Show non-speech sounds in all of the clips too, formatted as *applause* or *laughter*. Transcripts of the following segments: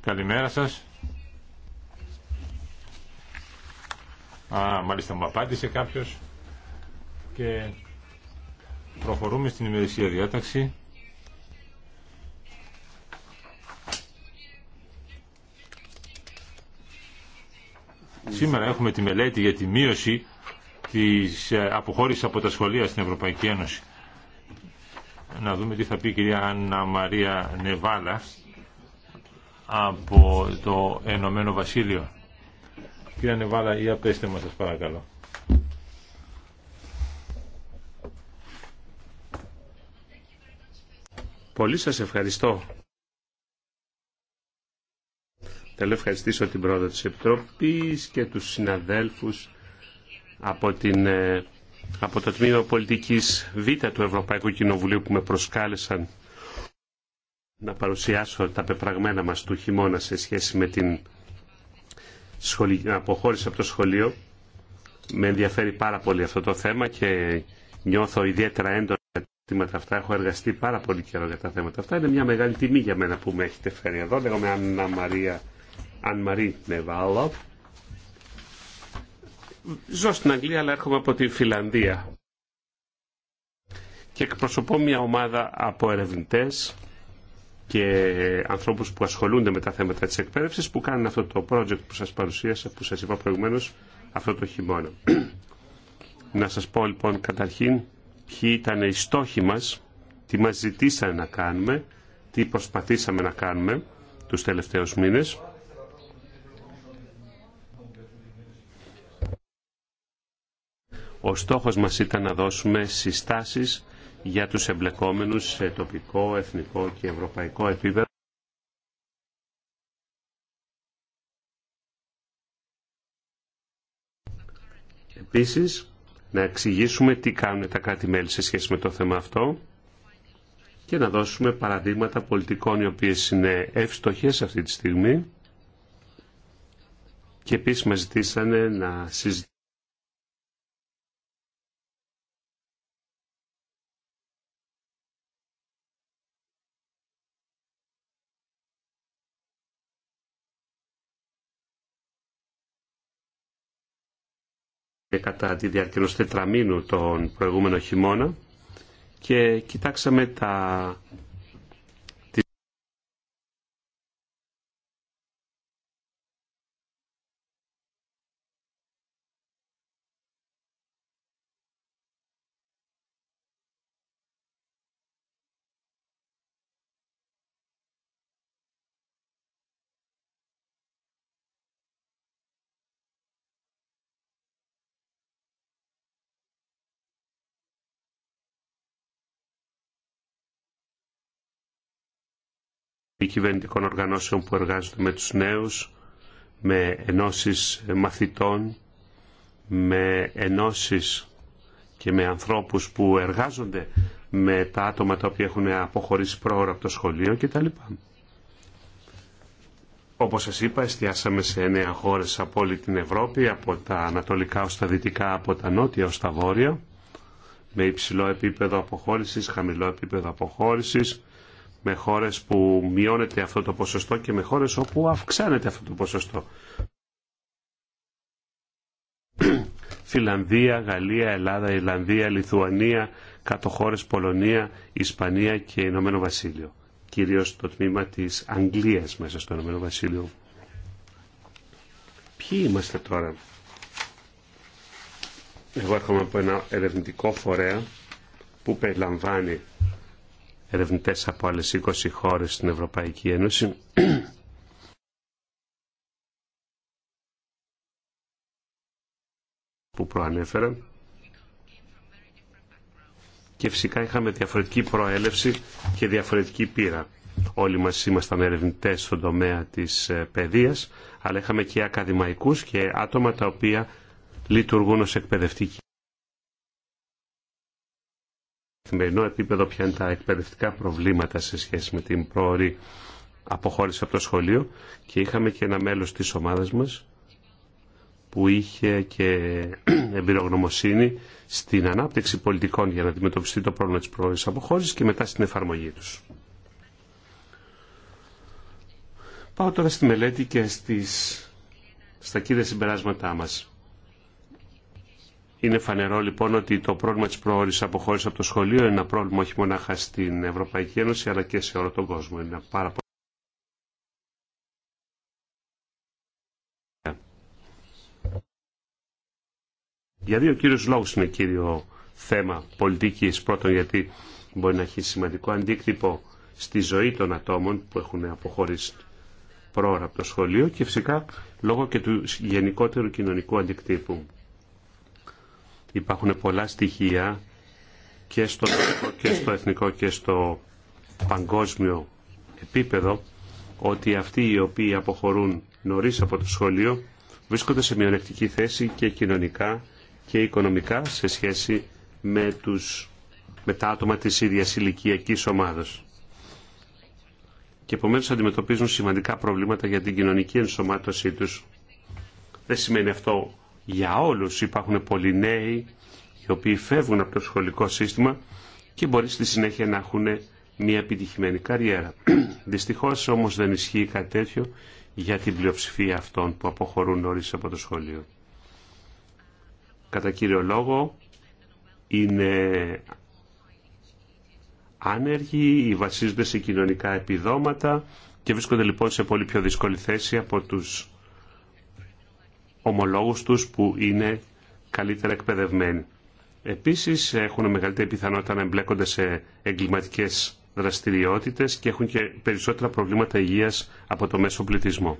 Καλημέρα σας. Α, μάλιστα μου απάντησε κάποιος και προχωρούμε στην ημερησία διάταξη. Σήμερα έχουμε τη μελέτη για τη μείωση της ε, αποχώρησης από τα σχολεία στην Ευρωπαϊκή Ένωση να δούμε τι θα πει η κυρία Άννα Μαρία Νεβάλα από το Ενωμένο Βασίλειο. Κυρία Νεβάλα, η πέστε μας σας παρακαλώ. Πολύ σας ευχαριστώ. Θέλω ευχαριστήσω την πρόεδρο της Επιτροπής και τους συναδέλφους από την ε, από το Τμήμα Πολιτικής Β του Ευρωπαϊκού Κοινοβουλίου που με προσκάλεσαν να παρουσιάσω τα πεπραγμένα μας του χειμώνα σε σχέση με την αποχώρηση από το σχολείο. Με ενδιαφέρει πάρα πολύ αυτό το θέμα και νιώθω ιδιαίτερα έντονα για τα θέματα αυτά. Έχω εργαστεί πάρα πολύ καιρό για τα θέματα αυτά. Είναι μια μεγάλη τιμή για μένα που με έχετε φέρει εδώ. Λέγομαι Αννα Μαρία Αν Μαρή Ζω στην Αγγλία αλλά έρχομαι από τη Φιλανδία και εκπροσωπώ μια ομάδα από ερευνητές και ανθρώπους που ασχολούνται με τα θέματα της εκπαίδευσης που κάνουν αυτό το project που σας παρουσίασα, που σας είπα προηγουμένως, αυτό το χειμώνα. να σας πω λοιπόν καταρχήν ποιοι ήταν οι στόχοι μας, τι μας ζητήσανε να κάνουμε, τι προσπαθήσαμε να κάνουμε τους τελευταίους μήνες. Ο στόχος μας ήταν να δώσουμε συστάσεις για τους εμπλεκόμενους σε τοπικό, εθνικό και ευρωπαϊκό επίπεδο. Επίσης, να εξηγήσουμε τι κάνουν τα κράτη-μέλη σε σχέση με το θέμα αυτό και να δώσουμε παραδείγματα πολιτικών οι οποίες είναι ευστοχές αυτή τη στιγμή και επίσης μας ζητήσανε να συζητήσουμε κατά τη διάρκεια ενός τετραμήνου τον προηγούμενο χειμώνα και κοιτάξαμε τα κυβερνητικών οργανώσεων που εργάζονται με τους νέους, με ενώσεις μαθητών, με ενώσεις και με ανθρώπους που εργάζονται με τα άτομα τα οποία έχουν αποχωρήσει πρόωρα από το σχολείο κτλ. Όπως σας είπα, εστιάσαμε σε εννέα χώρες από όλη την Ευρώπη, από τα ανατολικά ως τα δυτικά, από τα νότια ως τα βόρεια, με υψηλό επίπεδο αποχώρησης, χαμηλό επίπεδο αποχώρησης, με χώρες που μειώνεται αυτό το ποσοστό και με χώρες όπου αυξάνεται αυτό το ποσοστό. *clears throat* Φιλανδία, Γαλλία, Ελλάδα, Ιρλανδία, Λιθουανία, κάτω Πολωνία, Ισπανία και Ηνωμένο Βασίλειο. Κυρίως το τμήμα της Αγγλίας μέσα στο Ηνωμένο Βασίλειο. Ποιοι είμαστε τώρα. Εγώ έρχομαι από ένα ερευνητικό φορέα που περιλαμβάνει ερευνητές από άλλες 20 χώρες στην Ευρωπαϊκή Ένωση. που προανέφεραν και φυσικά είχαμε διαφορετική προέλευση και διαφορετική πείρα. Όλοι μας ήμασταν ερευνητέ στον τομέα της ε, παιδείας, αλλά είχαμε και ακαδημαϊκούς και άτομα τα οποία λειτουργούν ως εκπαιδευτικοί καθημερινό επίπεδο ποια είναι τα εκπαιδευτικά προβλήματα σε σχέση με την πρόορη αποχώρηση από το σχολείο και είχαμε και ένα μέλος της ομάδας μας που είχε και εμπειρογνωμοσύνη στην ανάπτυξη πολιτικών για να αντιμετωπιστεί το πρόβλημα της πρόορης αποχώρησης και μετά στην εφαρμογή τους. Πάω τώρα στη μελέτη και στις, στα κύρια συμπεράσματά μας. Είναι φανερό λοιπόν ότι το πρόβλημα της προώρησης αποχώρησης από το σχολείο είναι ένα πρόβλημα όχι μονάχα στην Ευρωπαϊκή Ένωση αλλά και σε όλο τον κόσμο. Είναι πάρα πολύ... Για δύο κύριους λόγους είναι κύριο θέμα πολιτικής. Πρώτον γιατί μπορεί να έχει σημαντικό αντίκτυπο στη ζωή των ατόμων που έχουν αποχωρήσει πρόωρα από το σχολείο και φυσικά λόγω και του γενικότερου κοινωνικού αντικτύπου. Υπάρχουν πολλά στοιχεία και στο εθνικό και στο, εθνικό και στο παγκόσμιο επίπεδο ότι αυτοί οι οποίοι αποχωρούν νωρίς από το σχολείο βρίσκονται σε μειονεκτική θέση και κοινωνικά και οικονομικά σε σχέση με, τους, με τα άτομα της ίδιας ηλικιακή ομάδος. Και επομένω αντιμετωπίζουν σημαντικά προβλήματα για την κοινωνική ενσωμάτωσή τους. Δεν σημαίνει αυτό για όλους. Υπάρχουν πολλοί νέοι οι οποίοι φεύγουν από το σχολικό σύστημα και μπορεί στη συνέχεια να έχουν μια επιτυχημένη καριέρα. *clears throat* Δυστυχώς όμως δεν ισχύει κάτι τέτοιο για την πλειοψηφία αυτών που αποχωρούν νωρί από το σχολείο. Κατά κύριο λόγο είναι άνεργοι βασίζονται σε κοινωνικά επιδόματα και βρίσκονται λοιπόν σε πολύ πιο δύσκολη θέση από τους ομολόγους τους που είναι καλύτερα εκπαιδευμένοι. Επίσης έχουν μεγαλύτερη πιθανότητα να εμπλέκονται σε εγκληματικές δραστηριότητες και έχουν και περισσότερα προβλήματα υγείας από το μέσο πληθυσμό.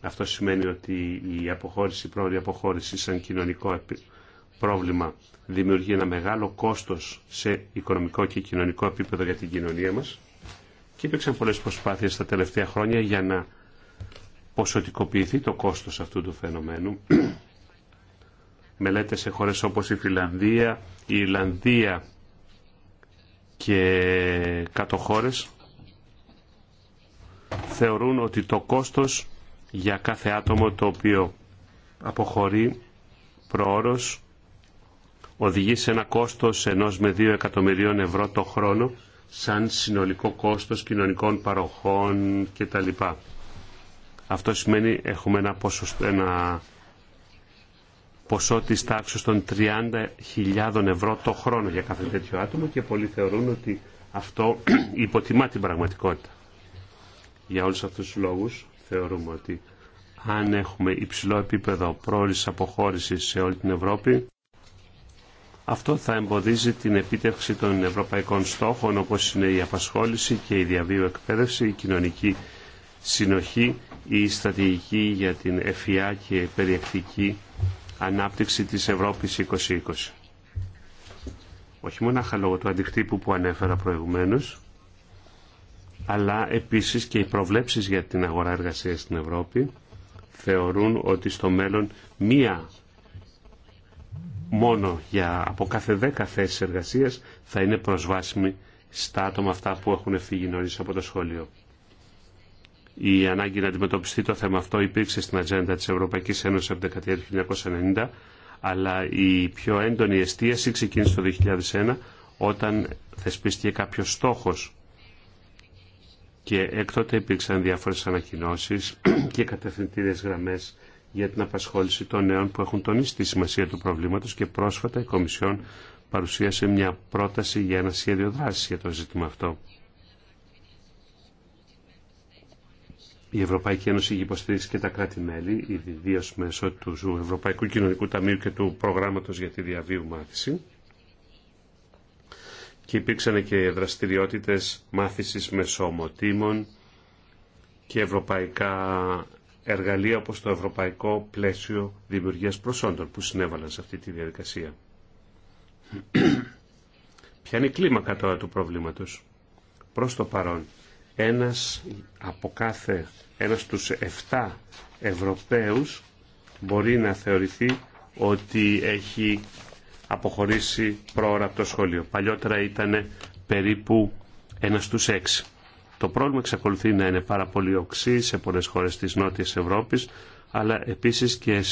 Αυτό σημαίνει ότι η αποχώρηση, η πρόορη αποχώρηση σαν κοινωνικό πρόβλημα δημιουργεί ένα μεγάλο κόστος σε οικονομικό και κοινωνικό επίπεδο για την κοινωνία μας και υπήρξαν πολλές προσπάθειες τα τελευταία χρόνια για να ποσοτικοποιηθεί το κόστος αυτού του φαινομένου. Μελέτες σε χώρες όπως η Φιλανδία, η Ιρλανδία και κάτω χώρες θεωρούν ότι το κόστος για κάθε άτομο το οποίο αποχωρεί προώρος οδηγεί σε ένα κόστος ενός με 2 εκατομμυρίων ευρώ το χρόνο σαν συνολικό κόστος κοινωνικών παροχών κτλ. Αυτό σημαίνει έχουμε ένα, ένα ποσό της τάξης των 30.000 ευρώ το χρόνο για κάθε τέτοιο άτομο και πολλοί θεωρούν ότι αυτό *clears throat* υποτιμά την πραγματικότητα. Για όλους αυτούς τους λόγους θεωρούμε ότι αν έχουμε υψηλό επίπεδο πρόλης αποχώρησης σε όλη την Ευρώπη, αυτό θα εμποδίζει την επίτευξη των ευρωπαϊκών στόχων όπως είναι η απασχόληση και η διαβίω εκπαίδευση, η κοινωνική συνοχή η στρατηγική για την ευφυά και περιεκτική ανάπτυξη της Ευρώπης 2020. Όχι μόνο λόγω του αντικτύπου που ανέφερα προηγουμένως, αλλά επίσης και οι προβλέψεις για την αγορά εργασίας στην Ευρώπη θεωρούν ότι στο μέλλον μία μόνο για από κάθε δέκα θέσεις εργασίας θα είναι προσβάσιμη στα άτομα αυτά που έχουν φύγει νωρίς από το σχολείο η ανάγκη να αντιμετωπιστεί το θέμα αυτό υπήρξε στην ατζέντα της Ευρωπαϊκής Ένωσης από την δεκαετία του 1990, αλλά η πιο έντονη εστίαση ξεκίνησε το 2001 όταν θεσπίστηκε κάποιο στόχος και έκτοτε υπήρξαν διάφορες ανακοινώσεις *clears throat* και κατευθυντήριες γραμμές για την απασχόληση των νέων που έχουν τονίσει τη σημασία του προβλήματος και πρόσφατα η Κομισιόν παρουσίασε μια πρόταση για ένα σχέδιο δράσης για το ζήτημα αυτό. Η Ευρωπαϊκή Ένωση έχει υποστηρίξει και τα κράτη-μέλη, ιδίω μέσω του Ευρωπαϊκού Κοινωνικού Ταμείου και του Προγράμματος για τη Διαβίου Μάθηση. Και υπήρξαν και δραστηριότητες μάθησης μεσομοτήμων και ευρωπαϊκά εργαλεία όπως το Ευρωπαϊκό Πλαίσιο Δημιουργίας Προσόντων που συνέβαλαν σε αυτή τη διαδικασία. Ποια είναι η κλίμακα τώρα του προβλήματος. Προς το παρόν ένας από κάθε, ένας τους 7 Ευρωπαίους μπορεί να θεωρηθεί ότι έχει αποχωρήσει πρόωρα από το σχολείο. Παλιότερα ήταν περίπου ένας στους 6. Το πρόβλημα εξακολουθεί να είναι πάρα πολύ οξύ σε πολλές χώρες της Νότιας Ευρώπης, αλλά επίσης και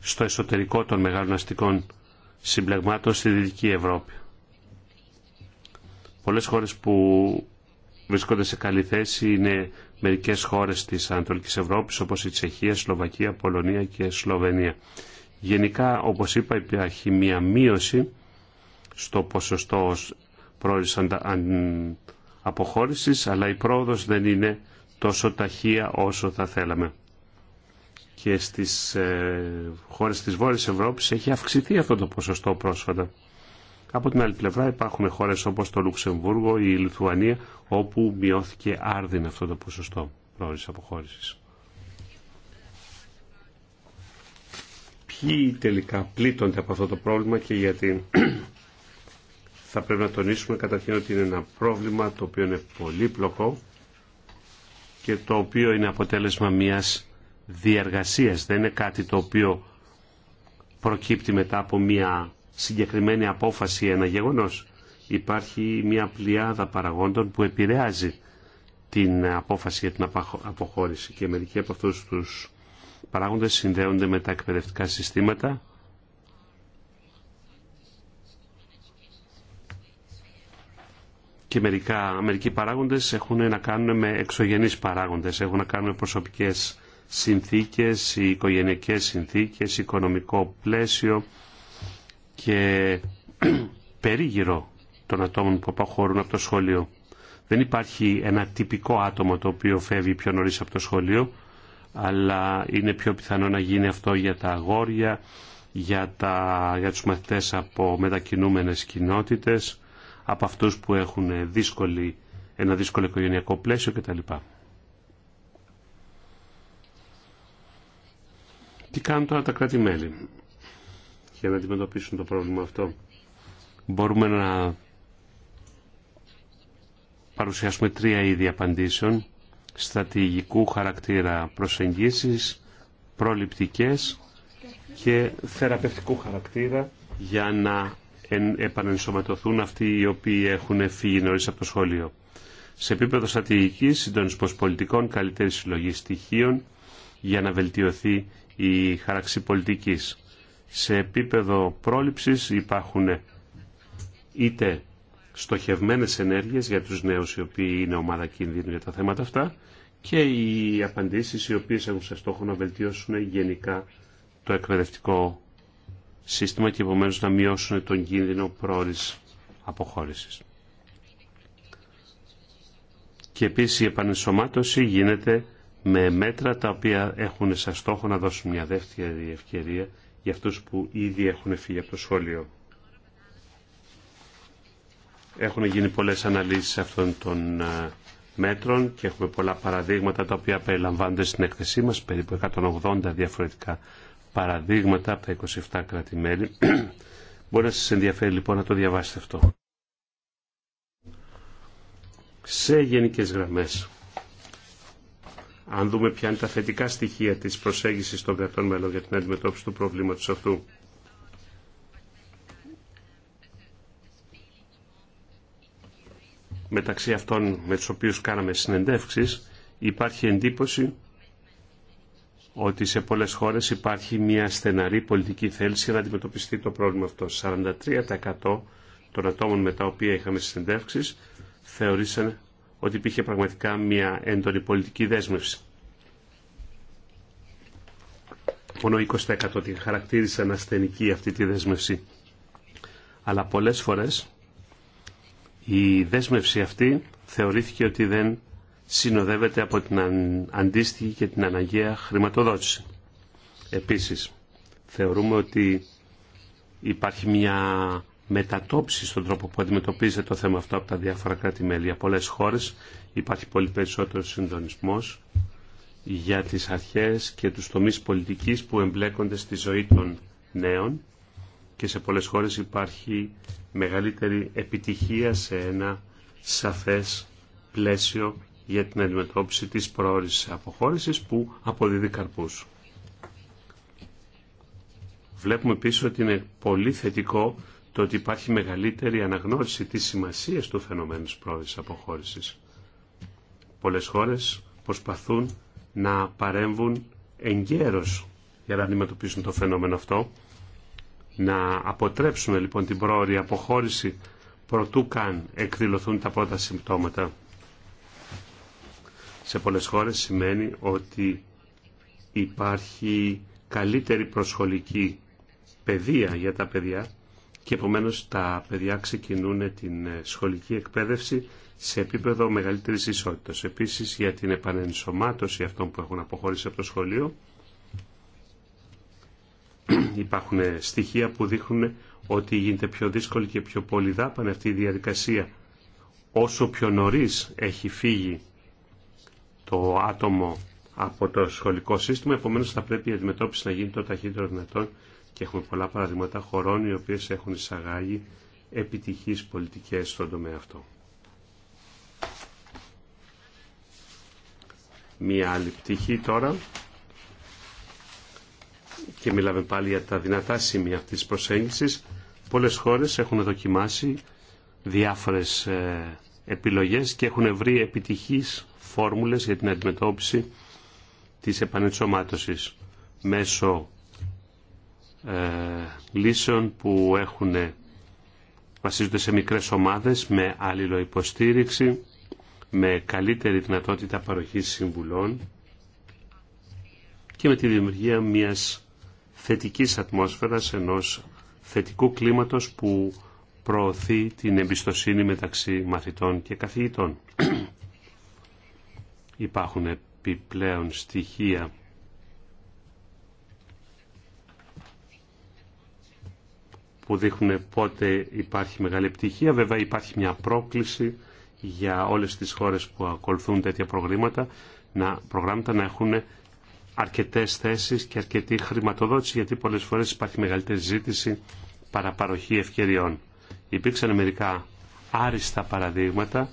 στο εσωτερικό των μεγάλων αστικών συμπλεγμάτων στη Δυτική Ευρώπη. Πολλές χώρες που βρίσκονται σε καλή θέση είναι μερικές χώρες της Ανατολικής Ευρώπης όπως η Τσεχία, Σλοβακία, Πολωνία και Σλοβενία. Γενικά, όπως είπα, υπάρχει μία μείωση στο ποσοστό πρόορης αποχώρησης, αλλά η πρόοδος δεν είναι τόσο ταχεία όσο θα θέλαμε. Και στις ε, χώρες της Βόρειας Ευρώπης έχει αυξηθεί αυτό το ποσοστό πρόσφατα. Από την άλλη πλευρά υπάρχουν χώρες όπως το Λουξεμβούργο ή η Λιθουανία όπου μειώθηκε άρδιν αυτό το ποσοστό πρόορης αποχώρησης. Ποιοι τελικά πλήττονται από αυτό το πρόβλημα και γιατί *clears throat* θα πρέπει να τονίσουμε καταρχήν ότι είναι ένα πρόβλημα το οποίο είναι πολύπλοκο και το οποίο είναι αποτέλεσμα μιας διαργασίας Δεν είναι κάτι το οποίο προκύπτει μετά από μια συγκεκριμένη απόφαση ένα γεγονός. Υπάρχει μια πλειάδα παραγόντων που επηρεάζει την απόφαση για την αποχώρηση και μερικοί από αυτούς τους παράγοντες συνδέονται με τα εκπαιδευτικά συστήματα και μερικά, μερικοί παράγοντες έχουν να κάνουν με εξωγενείς παράγοντες, έχουν να κάνουν με προσωπικές συνθήκες, οι οικογενειακές συνθήκες, οικονομικό πλαίσιο, και *clears throat* περίγυρο των ατόμων που αποχωρούν από το σχολείο. Δεν υπάρχει ένα τυπικό άτομο το οποίο φεύγει πιο νωρίς από το σχολείο, αλλά είναι πιο πιθανό να γίνει αυτό για τα αγόρια, για, τα, για τους μαθητές από μετακινούμενες κοινότητες, από αυτούς που έχουν δύσκολη, ένα δύσκολο οικογενειακό πλαίσιο κτλ. Τι κάνουν τώρα τα κράτη-μέλη για να αντιμετωπίσουν το πρόβλημα αυτό. Μπορούμε να παρουσιάσουμε τρία είδη απαντήσεων. Στρατηγικού χαρακτήρα προσεγγίσεις, προληπτικές και θεραπευτικού χαρακτήρα για να επανενσωματωθούν αυτοί οι οποίοι έχουν φύγει νωρίς από το σχολείο. Σε επίπεδο στρατηγική, συντονισμό πολιτικών, καλύτερη συλλογή στοιχείων για να βελτιωθεί η χάραξη πολιτικής σε επίπεδο πρόληψης υπάρχουν είτε στοχευμένες ενέργειες για τους νέους οι οποίοι είναι ομάδα κινδύνου για τα θέματα αυτά και οι απαντήσεις οι οποίες έχουν σε στόχο να βελτιώσουν γενικά το εκπαιδευτικό σύστημα και επομένω να μειώσουν τον κίνδυνο πρόορης αποχώρησης. Και επίσης η επανεσωμάτωση γίνεται με μέτρα τα οποία έχουν σαν στόχο να δώσουν μια δεύτερη ευκαιρία για αυτούς που ήδη έχουν φύγει από το σχολείο. Έχουν γίνει πολλές αναλύσεις αυτών των ε, μέτρων και έχουμε πολλά παραδείγματα τα οποία περιλαμβάνονται στην έκθεσή μας, περίπου 180 διαφορετικά παραδείγματα από τα 27 κράτη-μέλη. *clears throat* Μπορεί να σας ενδιαφέρει λοιπόν να το διαβάσετε αυτό. Σε γενικές γραμμές αν δούμε ποια είναι τα θετικά στοιχεία της προσέγγισης των κρατών μελών για την αντιμετώπιση του προβλήματος αυτού. Μεταξύ αυτών με τους οποίους κάναμε συνεντεύξεις υπάρχει εντύπωση ότι σε πολλές χώρες υπάρχει μια στεναρή πολιτική θέληση να αντιμετωπιστεί το πρόβλημα αυτό. 43% των ατόμων με τα οποία είχαμε συνεντεύξεις θεωρήσαν ότι υπήρχε πραγματικά μια έντονη πολιτική δέσμευση. Μόνο 20% την χαρακτήρισαν ασθενική αυτή τη δέσμευση. Αλλά πολλές φορές η δέσμευση αυτή θεωρήθηκε ότι δεν συνοδεύεται από την αντίστοιχη και την αναγκαία χρηματοδότηση. Επίσης, θεωρούμε ότι υπάρχει μια μετατόπιση στον τρόπο που αντιμετωπίζεται το θέμα αυτό από τα διάφορα κράτη-μέλη. Για πολλές χώρες υπάρχει πολύ περισσότερο συντονισμός για τι αρχέ και του τομεί πολιτική που εμπλέκονται στη ζωή των νέων και σε πολλές χώρες υπάρχει μεγαλύτερη επιτυχία σε ένα σαφές πλαίσιο για την αντιμετώπιση της προώρησης αποχώρησης που αποδίδει καρπούς. Βλέπουμε επίσης ότι είναι πολύ θετικό το ότι υπάρχει μεγαλύτερη αναγνώριση της σημασίας του φαινομένου της αποχώρησης. Πολλές χώρες προσπαθούν να παρέμβουν εγκαίρως για να αντιμετωπίσουν το φαινόμενο αυτό, να αποτρέψουν λοιπόν την πρόορη αποχώρηση προτού καν εκδηλωθούν τα πρώτα συμπτώματα. Σε πολλές χώρες σημαίνει ότι υπάρχει καλύτερη προσχολική παιδεία για τα παιδιά και επομένως τα παιδιά ξεκινούν την ε, σχολική εκπαίδευση σε επίπεδο μεγαλύτερης ισότητας. Επίσης για την επανενσωμάτωση αυτών που έχουν αποχωρήσει από το σχολείο *clears throat* υπάρχουν στοιχεία που δείχνουν ότι γίνεται πιο δύσκολη και πιο πολυδάπανη αυτή η διαδικασία. Όσο πιο νωρίς έχει φύγει το άτομο από το σχολικό σύστημα, επομένως θα πρέπει η αντιμετώπιση να γίνει το ταχύτερο δυνατόν και έχουμε πολλά παραδείγματα χωρών οι οποίες έχουν εισαγάγει επιτυχείς πολιτικές στον τομέα αυτό. Μία άλλη πτυχή τώρα και μιλάμε πάλι για τα δυνατά σημεία αυτής της προσέγγισης. Πολλές χώρες έχουν δοκιμάσει διάφορες ε, επιλογές και έχουν βρει επιτυχείς φόρμουλες για την αντιμετώπιση της επανενσωμάτωσης μέσω ε, λύσεων που έχουν βασίζονται σε μικρές ομάδες με αλληλοϊποστήριξη, με καλύτερη δυνατότητα παροχής συμβουλών και με τη δημιουργία μιας θετικής ατμόσφαιρας, ενός θετικού κλίματος που προωθεί την εμπιστοσύνη μεταξύ μαθητών και καθηγητών. *clears throat* Υπάρχουν επιπλέον στοιχεία που δείχνουν πότε υπάρχει μεγάλη επιτυχία. Βέβαια υπάρχει μια πρόκληση για όλες τις χώρες που ακολουθούν τέτοια προγράμματα να, προγράμματα να έχουν αρκετές θέσεις και αρκετή χρηματοδότηση γιατί πολλές φορές υπάρχει μεγαλύτερη ζήτηση παραπαροχή ευκαιριών. Υπήρξαν μερικά άριστα παραδείγματα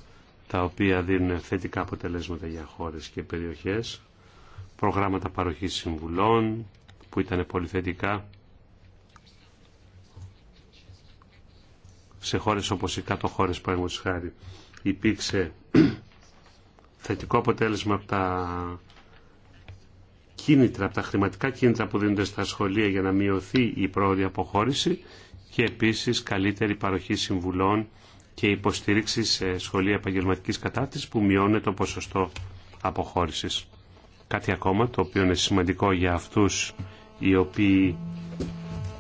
τα οποία δίνουν θετικά αποτελέσματα για χώρες και περιοχές, προγράμματα παροχής συμβουλών που ήταν πολύ θετικά σε χώρες όπως οι κάτω χώρες παραγωγής χάρη υπήρξε *clears throat* θετικό αποτέλεσμα από τα κίνητρα, από τα χρηματικά κίνητρα που δίνονται στα σχολεία για να μειωθεί η πρόοδη αποχώρηση και επίσης καλύτερη παροχή συμβουλών και υποστήριξη σε σχολεία επαγγελματική κατάρτισης που μειώνει το ποσοστό αποχώρησης. Κάτι ακόμα το οποίο είναι σημαντικό για αυτούς οι οποίοι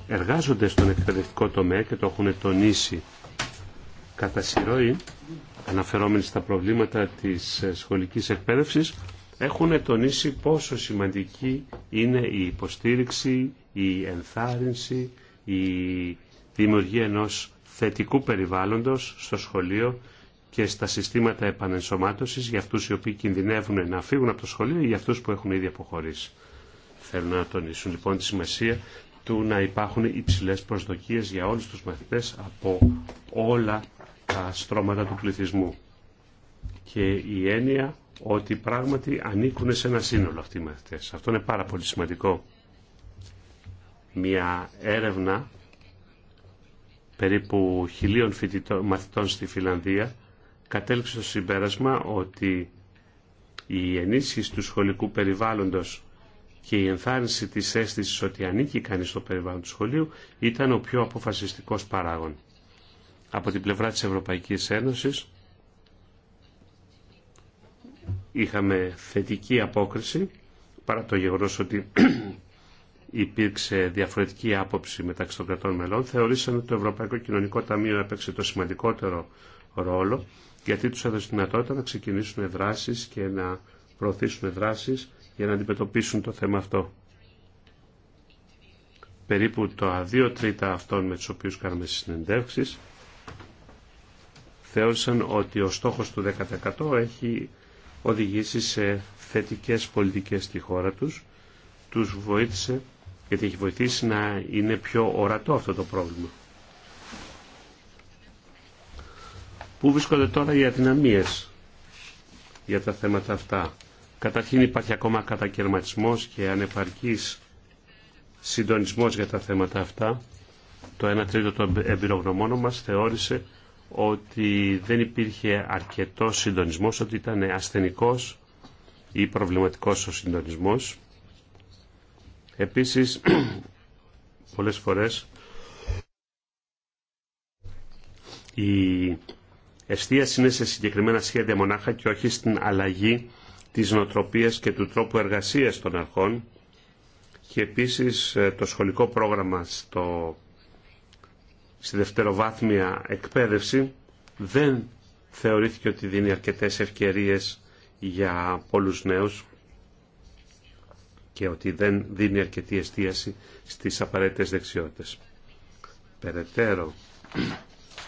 εργάζονται στον εκπαιδευτικό τομέα και το έχουν τονίσει κατά σειρώη, αναφερόμενοι στα προβλήματα της ε, σχολικής εκπαίδευσης, έχουν τονίσει πόσο σημαντική είναι η υποστήριξη, η ενθάρρυνση, η δημιουργία ενός θετικού περιβάλλοντος στο σχολείο και στα συστήματα επανενσωμάτωσης για αυτούς οι οποίοι κινδυνεύουν να φύγουν από το σχολείο ή για αυτούς που έχουν ήδη αποχωρήσει. Θέλουν να τονίσουν λοιπόν τη σημασία του να υπάρχουν υψηλές προσδοκίες για όλους τους μαθητές από όλα τα στρώματα του πληθυσμού. Και η έννοια ότι πράγματι ανήκουν σε ένα σύνολο αυτοί οι μαθητές. Αυτό είναι πάρα πολύ σημαντικό. Μια έρευνα περίπου χιλίων μαθητών στη Φιλανδία κατέληξε στο συμπέρασμα ότι η ενίσχυση του σχολικού περιβάλλοντος και η ενθάρρυνση της αίσθηση ότι ανήκει κανείς στο περιβάλλον του σχολείου ήταν ο πιο αποφασιστικός παράγων. Από την πλευρά της Ευρωπαϊκής Ένωσης είχαμε θετική απόκριση παρά το γεγονός ότι *clears throat* υπήρξε διαφορετική άποψη μεταξύ των κρατών μελών, θεωρήσαν ότι το Ευρωπαϊκό Κοινωνικό Ταμείο έπαιξε το σημαντικότερο ρόλο, γιατί τους έδωσε δυνατότητα να ξεκινήσουν δράσεις και να προωθήσουν δράσεις για να αντιμετωπίσουν το θέμα αυτό. Περίπου το 2 τρίτα αυτών με τους οποίους κάναμε συνεντεύξεις θεώρησαν ότι ο στόχος του 10% έχει οδηγήσει σε θετικές πολιτικές στη χώρα τους. Τους βοήθησε, γιατί έχει βοηθήσει να είναι πιο ορατό αυτό το πρόβλημα. Πού βρίσκονται τώρα οι αδυναμίες για τα θέματα αυτά. Καταρχήν υπάρχει ακόμα κατακαιρματισμός και ανεπαρκής συντονισμός για τα θέματα αυτά. Το 1 τρίτο των εμπειρογνωμών μας θεώρησε ότι δεν υπήρχε αρκετό συντονισμός, ότι ήταν ασθενικός ή προβληματικός ο συντονισμός. Επίσης, *clears throat* πολλές φορές η εστίαση είναι σε συγκεκριμένα σχέδια μονάχα και όχι στην αλλαγή της νοοτροπίας και του τρόπου εργασίας των αρχών και επίσης ε, το σχολικό πρόγραμμα στο, στη δευτεροβάθμια εκπαίδευση δεν θεωρήθηκε ότι δίνει αρκετές ευκαιρίες για πολλούς νέους και ότι δεν δίνει αρκετή εστίαση στις απαραίτητες δεξιότητες. Περαιτέρω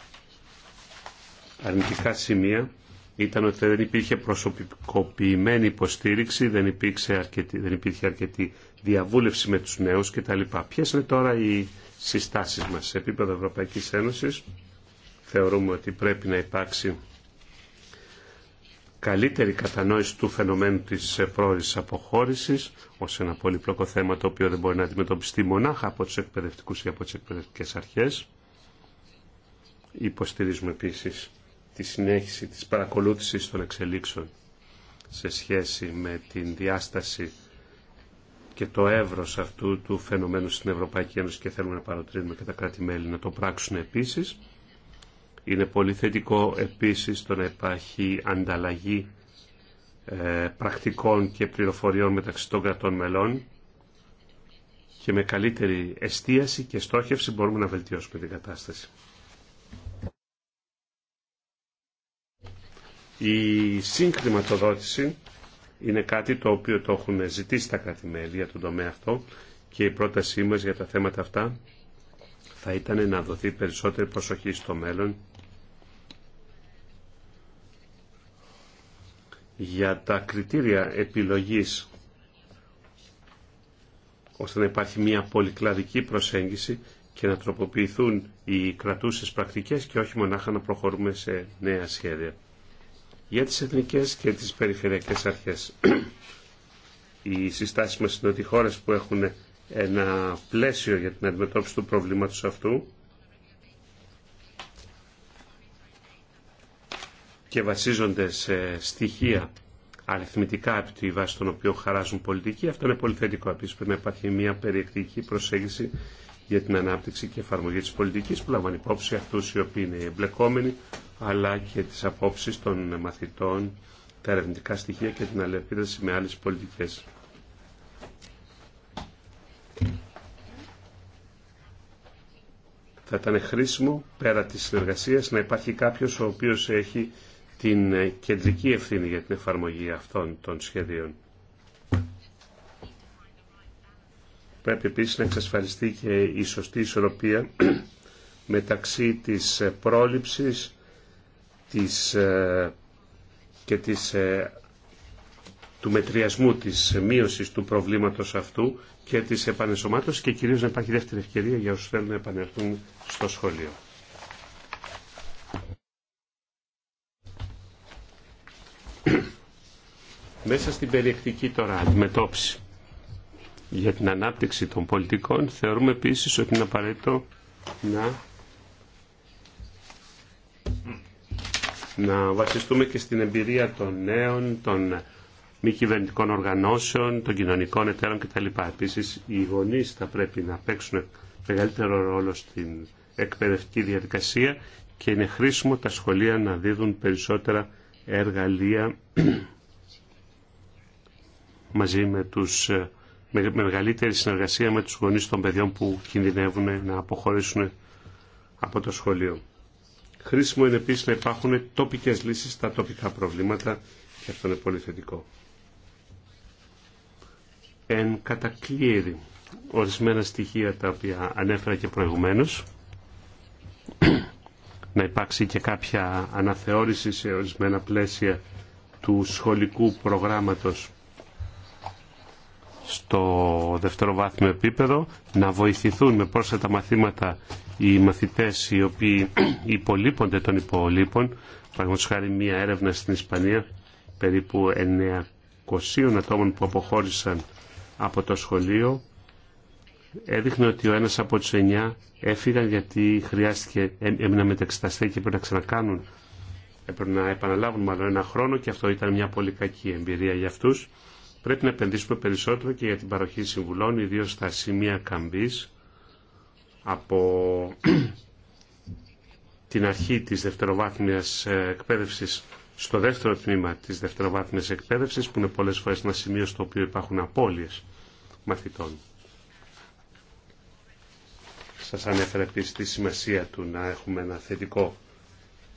*clears throat* αρνητικά σημεία ήταν ότι δεν υπήρχε προσωπικοποιημένη υποστήριξη, δεν υπήρχε αρκετή, δεν υπήρχε αρκετή διαβούλευση με τους νέους κτλ. Ποιες είναι τώρα οι συστάσεις μας σε επίπεδο Ευρωπαϊκής Ένωσης. Θεωρούμε ότι πρέπει να υπάρξει καλύτερη κατανόηση του φαινομένου της πρόορης αποχώρησης ως ένα πολύπλοκο θέμα το οποίο δεν μπορεί να αντιμετωπιστεί μονάχα από τους εκπαιδευτικούς ή από τις εκπαιδευτικές αρχές. Υποστηρίζουμε επίσης τη συνέχιση της παρακολούθησης των εξελίξεων σε σχέση με την διάσταση και το εύρος αυτού του φαινομένου στην Ευρωπαϊκή Ένωση και θέλουμε να παροτρύνουμε και τα κράτη-μέλη να το πράξουν επίσης. Είναι πολύ θετικό επίσης το να υπάρχει ανταλλαγή ε, πρακτικών και πληροφοριών μεταξύ των κρατών μελών και με καλύτερη εστίαση και στόχευση μπορούμε να βελτιώσουμε την κατάσταση. Η συγκρηματοδότηση είναι κάτι το οποίο το έχουν ζητήσει τα κράτη-μέλη του τον τομέα αυτό και η πρότασή μας για τα θέματα αυτά θα ήταν να δοθεί περισσότερη προσοχή στο μέλλον για τα κριτήρια επιλογής ώστε να υπάρχει μια πολυκλαδική προσέγγιση και να τροποποιηθούν οι κρατούσες πρακτικές και όχι μονάχα να προχωρούμε σε νέα σχέδια για τις εθνικές και τις περιφερειακές αρχές. *clears throat* Οι συστάσεις μας είναι ότι οι χώρες που έχουν ένα πλαίσιο για την αντιμετώπιση του προβλήματος αυτού και βασίζονται σε στοιχεία αριθμητικά από τη βάση των οποίων χαράζουν πολιτική. Αυτό είναι πολύ θετικό. Επίσης πρέπει να υπάρχει μια περιεκτική προσέγγιση για την ανάπτυξη και εφαρμογή της πολιτικής που λαμβάνει υπόψη αυτούς οι οποίοι είναι εμπλεκόμενοι αλλά και τις απόψεις των μαθητών, τα ερευνητικά στοιχεία και την αλληλεπίδραση με άλλες πολιτικές. Θα ήταν χρήσιμο πέρα της συνεργασίας να υπάρχει κάποιος ο οποίος έχει την κεντρική ευθύνη για την εφαρμογή αυτών των σχεδίων. πρέπει επίσης να εξασφαλιστεί και η σωστή ισορροπία *clears throat* μεταξύ της ε, πρόληψης της, ε, και της, ε, του μετριασμού της μείωσης του προβλήματος αυτού και της επανεσωμάτωσης και κυρίως να υπάρχει δεύτερη ευκαιρία για όσους θέλουν να επανερθούν στο σχολείο. *clears throat* Μέσα στην περιεκτική τώρα αντιμετώπιση για την ανάπτυξη των πολιτικών, θεωρούμε επίσης ότι είναι απαραίτητο να, να βασιστούμε και στην εμπειρία των νέων, των μη κυβερνητικών οργανώσεων, των κοινωνικών εταίρων κτλ. Επίση, οι γονεί θα πρέπει να παίξουν μεγαλύτερο ρόλο στην εκπαιδευτική διαδικασία και είναι χρήσιμο τα σχολεία να δίδουν περισσότερα εργαλεία *clears throat* μαζί με τους ε, με μεγαλύτερη συνεργασία με τους γονείς των παιδιών που κινδυνεύουν να αποχωρήσουν από το σχολείο. Χρήσιμο είναι επίσης να υπάρχουν τοπικές λύσεις στα τοπικά προβλήματα και αυτό είναι πολύ θετικό. Εν κατακλείδη ορισμένα στοιχεία τα οποία ανέφερα και προηγουμένως, να υπάρξει και κάποια αναθεώρηση σε ορισμένα πλαίσια του σχολικού προγράμματος στο δεύτερο βάθμιο επίπεδο, να βοηθηθούν με πρόσθετα μαθήματα οι μαθητές οι οποίοι *clears throat* υπολείπονται των υπολείπων. Παραδείγματος χάρη μία έρευνα στην Ισπανία περίπου 900 ατόμων που αποχώρησαν από το σχολείο έδειχνε ότι ο ένας από τους 9 έφυγαν γιατί χρειάστηκε, ε, έμεινα μεταξυταστέ και πρέπει να ξανακάνουν έπρεπε να επαναλάβουν μάλλον ένα χρόνο και αυτό ήταν μια πολύ κακή εμπειρία για αυτούς. Πρέπει να επενδύσουμε περισσότερο και για την παροχή συμβουλών, ιδίως στα σημεία καμπής από *clears throat* την αρχή της δευτεροβάθμιας ε, εκπαίδευσης στο δεύτερο τμήμα της δευτεροβάθμιας εκπαίδευσης που είναι πολλές φορές ένα σημείο στο οποίο υπάρχουν απώλειες μαθητών. Σας ανέφερα επίσης τη σημασία του να έχουμε ένα θετικό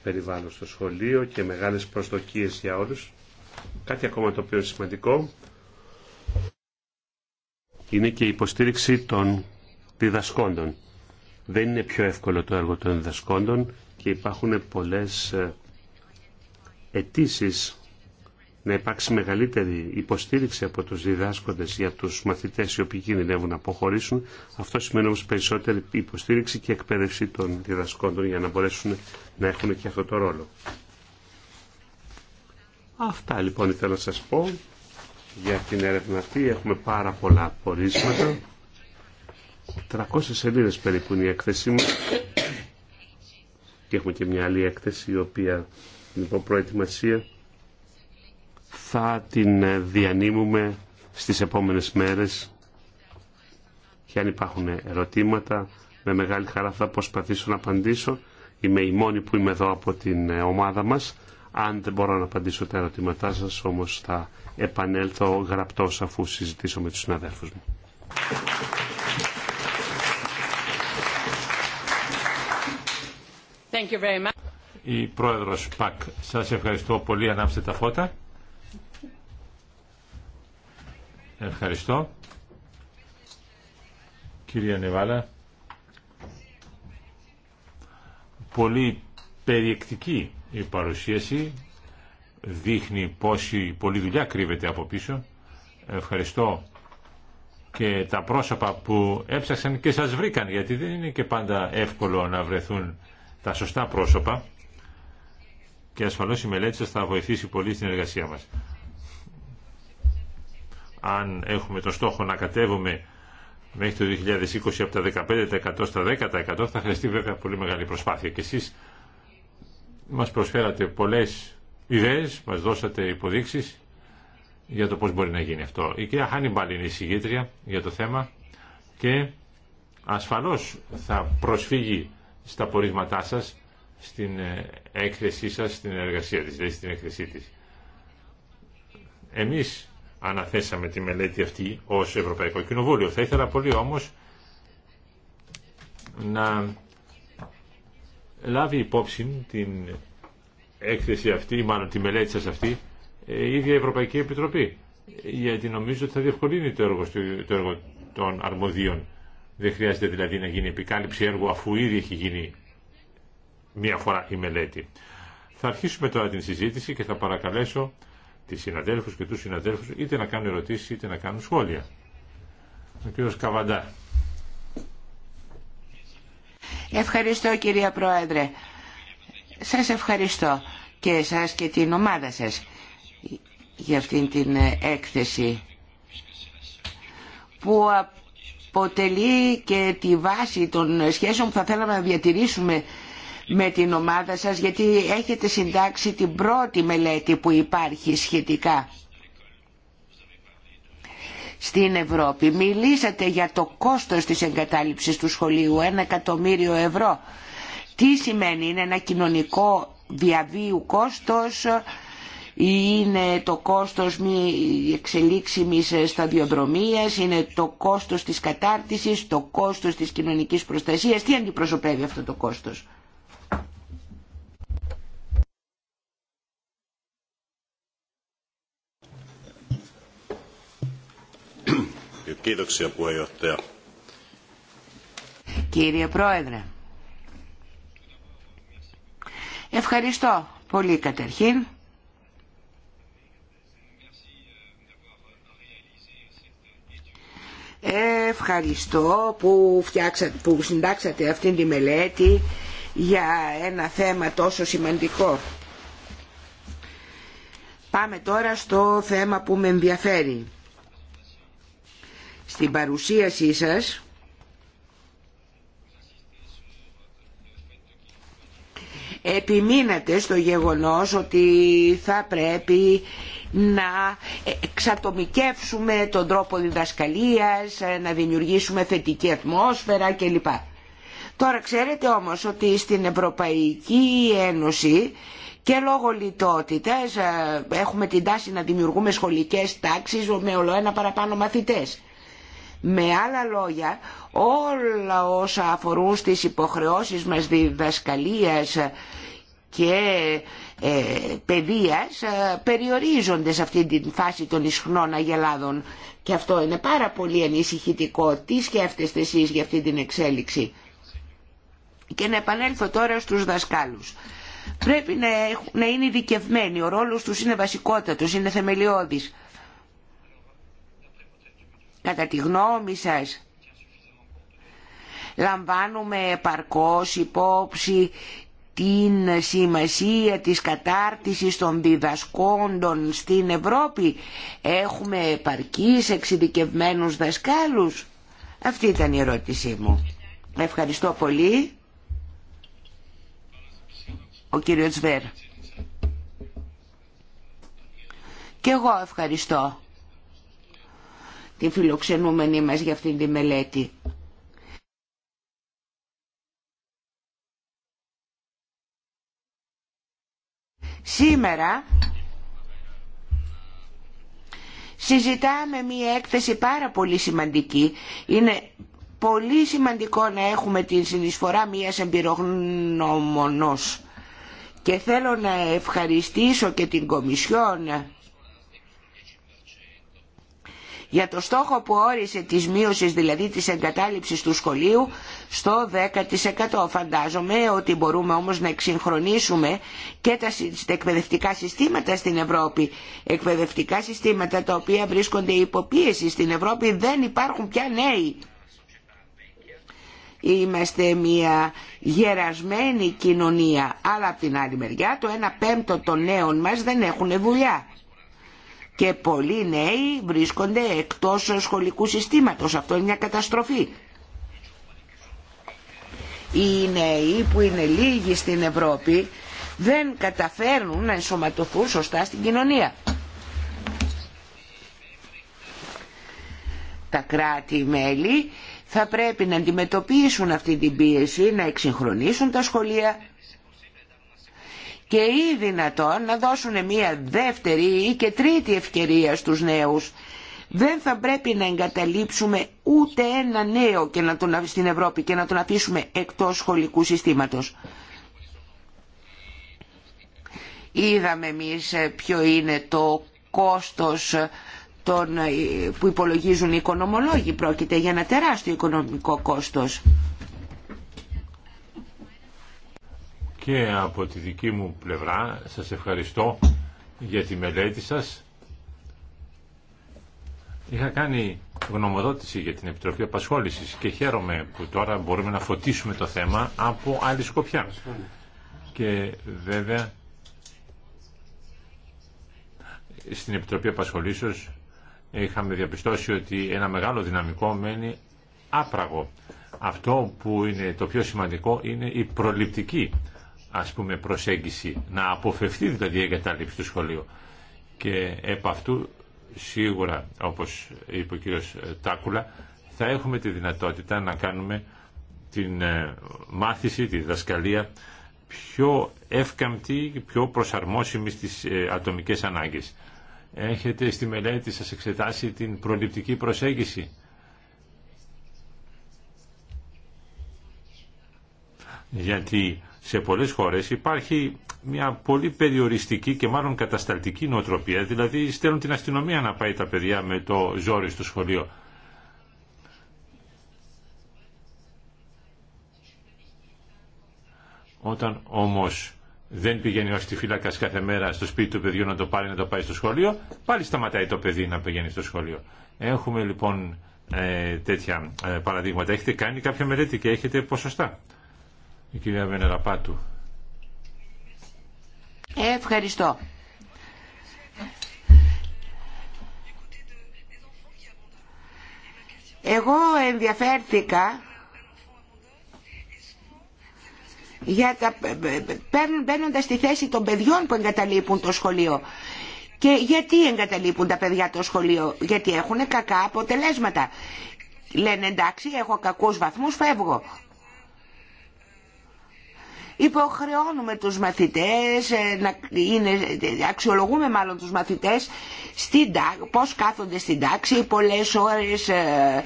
περιβάλλον στο σχολείο και μεγάλες προσδοκίες για όλους. Κάτι ακόμα το οποίο είναι σημαντικό είναι και η υποστήριξη των διδασκόντων. Δεν είναι πιο εύκολο το έργο των διδασκόντων και υπάρχουν πολλές ε, αιτήσει να υπάρξει μεγαλύτερη υποστήριξη από τους διδάσκοντες για τους μαθητές οι οποίοι κινδυνεύουν να αποχωρήσουν. Αυτό σημαίνει όμως περισσότερη υποστήριξη και εκπαίδευση των διδασκόντων για να μπορέσουν να έχουν και αυτό τον ρόλο. Αυτά λοιπόν ήθελα να σας πω για την έρευνα αυτή. Έχουμε πάρα πολλά πορίσματα. 300 σελίδες περίπου είναι η έκθεσή μα Και έχουμε και μια άλλη έκθεση η οποία είναι υπό προετοιμασία. Θα την ε, διανύμουμε στις επόμενες μέρες και αν υπάρχουν ερωτήματα με μεγάλη χαρά θα προσπαθήσω να απαντήσω. Είμαι η μόνη που είμαι εδώ από την ε, ομάδα μας αν δεν μπορώ να απαντήσω τα ερωτήματά σας, όμως θα επανέλθω γραπτός αφού συζητήσω με τους συναδέλφους μου. Thank Η πρόεδρος ΠΑΚ, σας ευχαριστώ πολύ, ανάψτε τα φώτα. Ευχαριστώ. Κυρία Νεβάλα, πολύ περιεκτική η παρουσίαση δείχνει πόση πολλή δουλειά κρύβεται από πίσω. Ευχαριστώ και τα πρόσωπα που έψαξαν και σας βρήκαν, γιατί δεν είναι και πάντα εύκολο να βρεθούν τα σωστά πρόσωπα και ασφαλώς η μελέτη σας θα βοηθήσει πολύ στην εργασία μας. Αν έχουμε το στόχο να κατέβουμε μέχρι το 2020 από τα 15% στα 10% θα χρειαστεί βέβαια πολύ μεγάλη προσπάθεια και εσείς μας προσφέρατε πολλές ιδέες, μας δώσατε υποδείξεις για το πώς μπορεί να γίνει αυτό. Η κυρία Χάνιμπαλ είναι η συγγήτρια για το θέμα και ασφαλώς θα προσφύγει στα πορίσματά σας, στην ε, έκθεσή σας, στην εργασία της, δηλαδή στην έκθεσή της. Εμείς αναθέσαμε τη μελέτη αυτή ως Ευρωπαϊκό Κοινοβούλιο. Θα ήθελα πολύ όμως να λάβει υπόψη την έκθεση αυτή, μάλλον τη μελέτη σας αυτή, ε, η ίδια η Ευρωπαϊκή Επιτροπή. Γιατί νομίζω ότι θα διευκολύνει το έργο, το έργο των αρμοδίων. Δεν χρειάζεται δηλαδή να γίνει επικάλυψη έργου αφού ήδη έχει γίνει μία φορά η μελέτη. Θα αρχίσουμε τώρα την συζήτηση και θα παρακαλέσω τις συναδέλφους και τους συναδέλφους είτε να κάνουν ερωτήσεις είτε να κάνουν σχόλια. Ο κύριος Καβαντά. Ευχαριστώ κυρία Πρόεδρε. Σας ευχαριστώ και εσάς και την ομάδα σας για αυτήν την έκθεση που αποτελεί και τη βάση των σχέσεων που θα θέλαμε να διατηρήσουμε με την ομάδα σας γιατί έχετε συντάξει την πρώτη μελέτη που υπάρχει σχετικά στην Ευρώπη. Μιλήσατε για το κόστος της εγκατάλειψης του σχολείου, ένα εκατομμύριο ευρώ. Τι σημαίνει, είναι ένα κοινωνικό διαβίου κόστος ή είναι το κόστος μη εξελίξιμης σταδιοδρομίας, είναι το κόστος της κατάρτισης, το κόστος της κοινωνικής προστασίας. Τι αντιπροσωπεύει αυτό το κόστος. Κύριε Πρόεδρε, ευχαριστώ πολύ καταρχήν. Ευχαριστώ που, που συντάξατε αυτήν τη μελέτη για ένα θέμα τόσο σημαντικό. Πάμε τώρα στο θέμα που με ενδιαφέρει στην παρουσίασή σας επιμείνατε στο γεγονός ότι θα πρέπει να εξατομικεύσουμε τον τρόπο διδασκαλίας, να δημιουργήσουμε θετική ατμόσφαιρα κλπ. Τώρα ξέρετε όμως ότι στην Ευρωπαϊκή Ένωση και λόγω λιτότητας ε, έχουμε την τάση να δημιουργούμε σχολικές τάξεις με ολοένα παραπάνω μαθητές. Με άλλα λόγια, όλα όσα αφορούν στις υποχρεώσεις μας διδασκαλίας και ε, παιδείας ε, περιορίζονται σε αυτή τη φάση των ισχνών αγελάδων. Και αυτό είναι πάρα πολύ ανησυχητικό. Τι σκέφτεστε εσείς για αυτή την εξέλιξη. Και να επανέλθω τώρα στους δασκάλους. Πρέπει να, να είναι ειδικευμένοι. Ο ρόλος τους είναι βασικότατος, είναι θεμελιώδης. Κατά τη γνώμη σας, λαμβάνουμε επαρκώς υπόψη την σημασία της κατάρτισης των διδασκόντων στην Ευρώπη. Έχουμε επαρκείς εξειδικευμένους δασκάλους. Αυτή ήταν η ερώτησή μου. Ευχαριστώ πολύ. Ο κύριος Βέρ. Και εγώ ευχαριστώ την φιλοξενούμενη μας για αυτήν τη μελέτη. Σήμερα συζητάμε μία έκθεση πάρα πολύ σημαντική. Είναι πολύ σημαντικό να έχουμε την συνεισφορά μίας εμπειρογνωμονός. Και θέλω να ευχαριστήσω και την Κομισιόν για το στόχο που όρισε της μείωσης δηλαδή της εγκατάλειψης του σχολείου στο 10%. Φαντάζομαι ότι μπορούμε όμως να εξυγχρονίσουμε και τα εκπαιδευτικά συστήματα στην Ευρώπη. Εκπαιδευτικά συστήματα τα οποία βρίσκονται υποπίεση στην Ευρώπη δεν υπάρχουν πια νέοι. Είμαστε μια γερασμένη κοινωνία, αλλά από την άλλη μεριά το 1 πέμπτο των νέων μας δεν έχουν δουλειά και πολλοί νέοι βρίσκονται εκτός σχολικού συστήματος. Αυτό είναι μια καταστροφή. Οι νέοι που είναι λίγοι στην Ευρώπη δεν καταφέρνουν να ενσωματωθούν σωστά στην κοινωνία. Τα κράτη-μέλη θα πρέπει να αντιμετωπίσουν αυτή την πίεση, να εξυγχρονίσουν τα σχολεία και ή δυνατόν να δώσουν μια δεύτερη ή και τρίτη ευκαιρία στους νέους. Δεν θα πρέπει να εγκαταλείψουμε ούτε ένα νέο και να τον, στην Ευρώπη και να τον αφήσουμε εκτός σχολικού συστήματος. Είδαμε εμείς ε, ποιο είναι το κόστος ε, των, ε, που υπολογίζουν οι οικονομολόγοι. Πρόκειται για ένα τεράστιο οικονομικό κόστος. και από τη δική μου πλευρά σας ευχαριστώ για τη μελέτη σας. Είχα κάνει γνωμοδότηση για την Επιτροπή Απασχόλησης και χαίρομαι που τώρα μπορούμε να φωτίσουμε το θέμα από άλλη σκοπιά. Και βέβαια στην Επιτροπή Απασχολήσεως είχαμε διαπιστώσει ότι ένα μεγάλο δυναμικό μένει άπραγο. Αυτό που είναι το πιο σημαντικό είναι η προληπτική ας πούμε προσέγγιση να αποφευθεί δηλαδή η εγκατάλειψη του σχολείου και επ' αυτού σίγουρα όπως είπε ο κύριος Τάκουλα θα έχουμε τη δυνατότητα να κάνουμε την ε, μάθηση, τη διδασκαλία πιο εύκαμπτη και πιο προσαρμόσιμη στις ε, ατομικές ανάγκες. Έχετε στη μελέτη σας εξετάσει την προληπτική προσέγγιση. Γιατί σε πολλές χώρες υπάρχει μια πολύ περιοριστική και μάλλον κατασταλτική νοοτροπία, δηλαδή στέλνουν την αστυνομία να πάει τα παιδιά με το ζόρι στο σχολείο. Όταν όμως δεν πηγαίνει ο τη κάθε μέρα στο σπίτι του παιδιού να το πάρει να το πάει στο σχολείο, πάλι σταματάει το παιδί να πηγαίνει στο σχολείο. Έχουμε λοιπόν ε, τέτοια ε, παραδείγματα. Έχετε κάνει κάποια μελέτη και έχετε ποσοστά. Η κυρία Βενεραπάτου. Ευχαριστώ. Εγώ ενδιαφέρθηκα για τα, στη θέση των παιδιών που εγκαταλείπουν το σχολείο. Και γιατί εγκαταλείπουν τα παιδιά το σχολείο, γιατί έχουν κακά αποτελέσματα. Λένε εντάξει έχω κακούς βαθμούς, φεύγω υποχρεώνουμε τους μαθητές, ε, να είναι, ε, αξιολογούμε μάλλον τους μαθητές στην, πώς κάθονται στην τάξη, πολλές ώρες ε,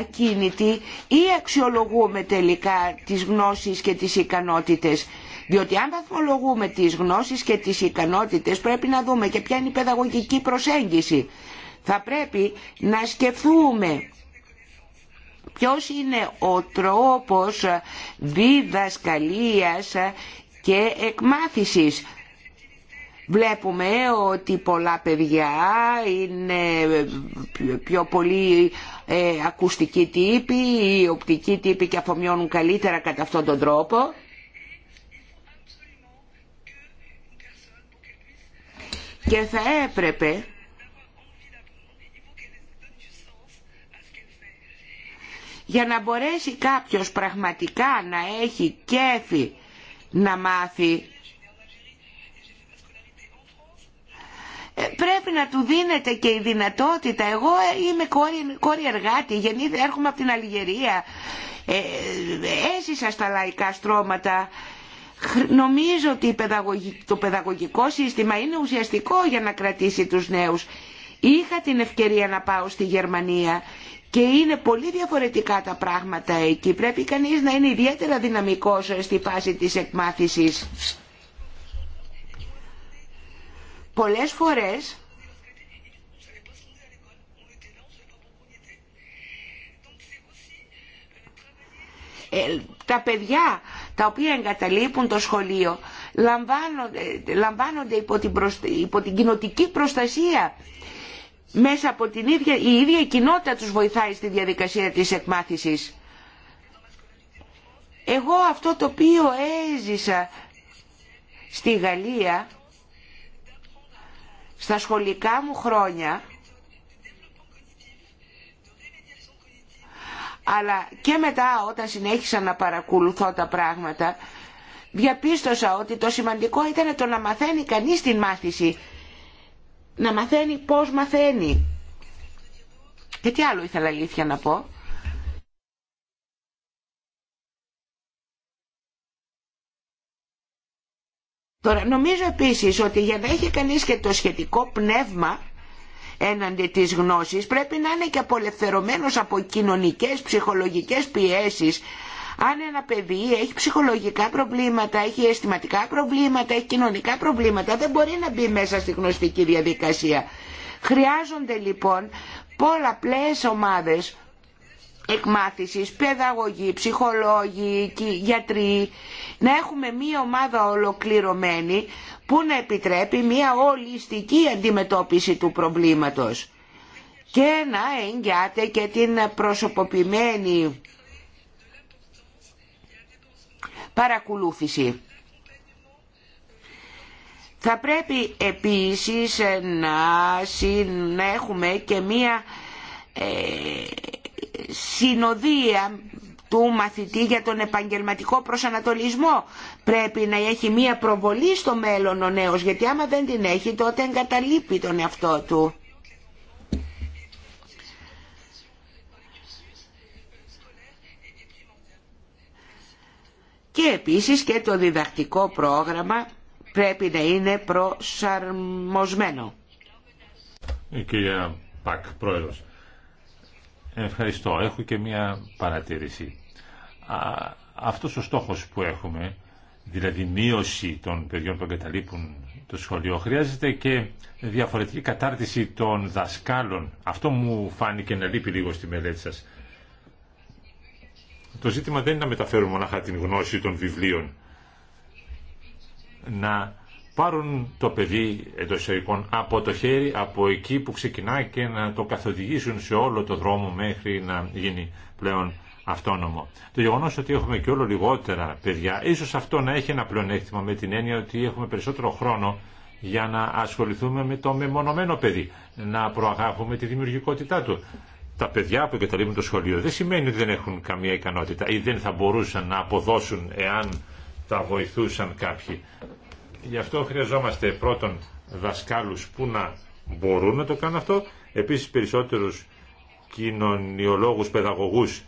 ακίνητοι ή αξιολογούμε τελικά τις γνώσεις και τις ικανότητες. Διότι αν βαθμολογούμε τις γνώσεις και τις ικανότητες πρέπει να δούμε και ποια είναι η παιδαγωγική προσέγγιση. Θα πρέπει να σκεφτούμε ποιος είναι ο τρόπος διδασκαλίας και εκμάθησης. Βλέπουμε ότι πολλά παιδιά είναι πιο πολύ ε, ακουστικοί τύποι ή οπτικοί τύποι και αφομοιώνουν καλύτερα κατά αυτόν τον τρόπο. Και θα έπρεπε Για να μπορέσει κάποιος πραγματικά να έχει κέφι να μάθει ε, πρέπει να του δίνεται και η δυνατότητα. Εγώ είμαι κόρη, εργάτη, γεννήθη, έρχομαι από την Αλγερία, ε, έζησα στα λαϊκά στρώματα. Νομίζω ότι το παιδαγωγικό σύστημα είναι ουσιαστικό για να κρατήσει τους νέους. Είχα την ευκαιρία να πάω στη Γερμανία και είναι πολύ διαφορετικά τα πράγματα εκεί. Πρέπει κανείς να είναι ιδιαίτερα δυναμικός στη φάση της εκμάθησης. Πολλές φορές ε, τα παιδιά τα οποία εγκαταλείπουν το σχολείο λαμβάνονται, λαμβάνονται υπό, την υπό την κοινοτική προστασία μέσα από η ίδια η κοινότητα τους βοηθάει στη διαδικασία της εκμάθησης. Εγώ αυτό το οποίο έζησα στη Γαλλία στα σχολικά μου χρόνια αλλά και μετά όταν συνέχισα να παρακολουθώ τα πράγματα διαπίστωσα ότι το σημαντικό ήταν το να μαθαίνει κανείς την μάθηση να μαθαίνει πώς μαθαίνει. Και τι άλλο ήθελα αλήθεια να πω. Τώρα νομίζω επίσης ότι για να έχει κανείς και το σχετικό πνεύμα έναντι της γνώσης πρέπει να είναι και απολευθερωμένος από κοινωνικές, ψυχολογικές πιέσεις, αν ένα παιδί έχει ψυχολογικά προβλήματα, έχει αισθηματικά προβλήματα, έχει κοινωνικά προβλήματα, δεν μπορεί να μπει μέσα στη γνωστική διαδικασία. Χρειάζονται λοιπόν πολλαπλές ομάδες εκμάθησης, παιδαγωγοί, ψυχολόγοι, γιατροί, να έχουμε μία ομάδα ολοκληρωμένη που να επιτρέπει μία ολιστική αντιμετώπιση του προβλήματος και να εγγυάται και την προσωποποιημένη παρακολούθηση. Θα πρέπει επίσης να έχουμε και μία ε, συνοδεία του μαθητή για τον επαγγελματικό προσανατολισμό. Πρέπει να έχει μία προβολή στο μέλλον ο νέος, γιατί άμα δεν την έχει τότε εγκαταλείπει τον εαυτό του. Και επίσης και το διδακτικό πρόγραμμα πρέπει να είναι προσαρμοσμένο. Η ε, Πακ, πρόεδρος. Ευχαριστώ. Έχω και μία παρατήρηση. Α, αυτός ο στόχος που έχουμε, δηλαδή μείωση των παιδιών που εγκαταλείπουν το σχολείο, χρειάζεται και διαφορετική κατάρτιση των δασκάλων. Αυτό μου φάνηκε να λείπει λίγο στη μελέτη σας. Το ζήτημα δεν είναι να μεταφέρουν μονάχα την γνώση των βιβλίων. Να πάρουν το παιδί εντό εισαγωγικών από το χέρι, από εκεί που ξεκινά και να το καθοδηγήσουν σε όλο το δρόμο μέχρι να γίνει πλέον αυτόνομο. Το γεγονό ότι έχουμε και όλο λιγότερα παιδιά, ίσω αυτό να έχει ένα πλεονέκτημα με την έννοια ότι έχουμε περισσότερο χρόνο για να ασχοληθούμε με το μεμονωμένο παιδί, να προαγάγουμε τη δημιουργικότητά του, τα παιδιά που εγκαταλείπουν το σχολείο δεν σημαίνει ότι δεν έχουν καμία ικανότητα ή δεν θα μπορούσαν να αποδώσουν εάν τα βοηθούσαν κάποιοι. Γι' αυτό χρειαζόμαστε πρώτον δασκάλους που να μπορούν να το κάνουν αυτό, επίσης περισσότερους κοινωνιολόγους, παιδαγωγούς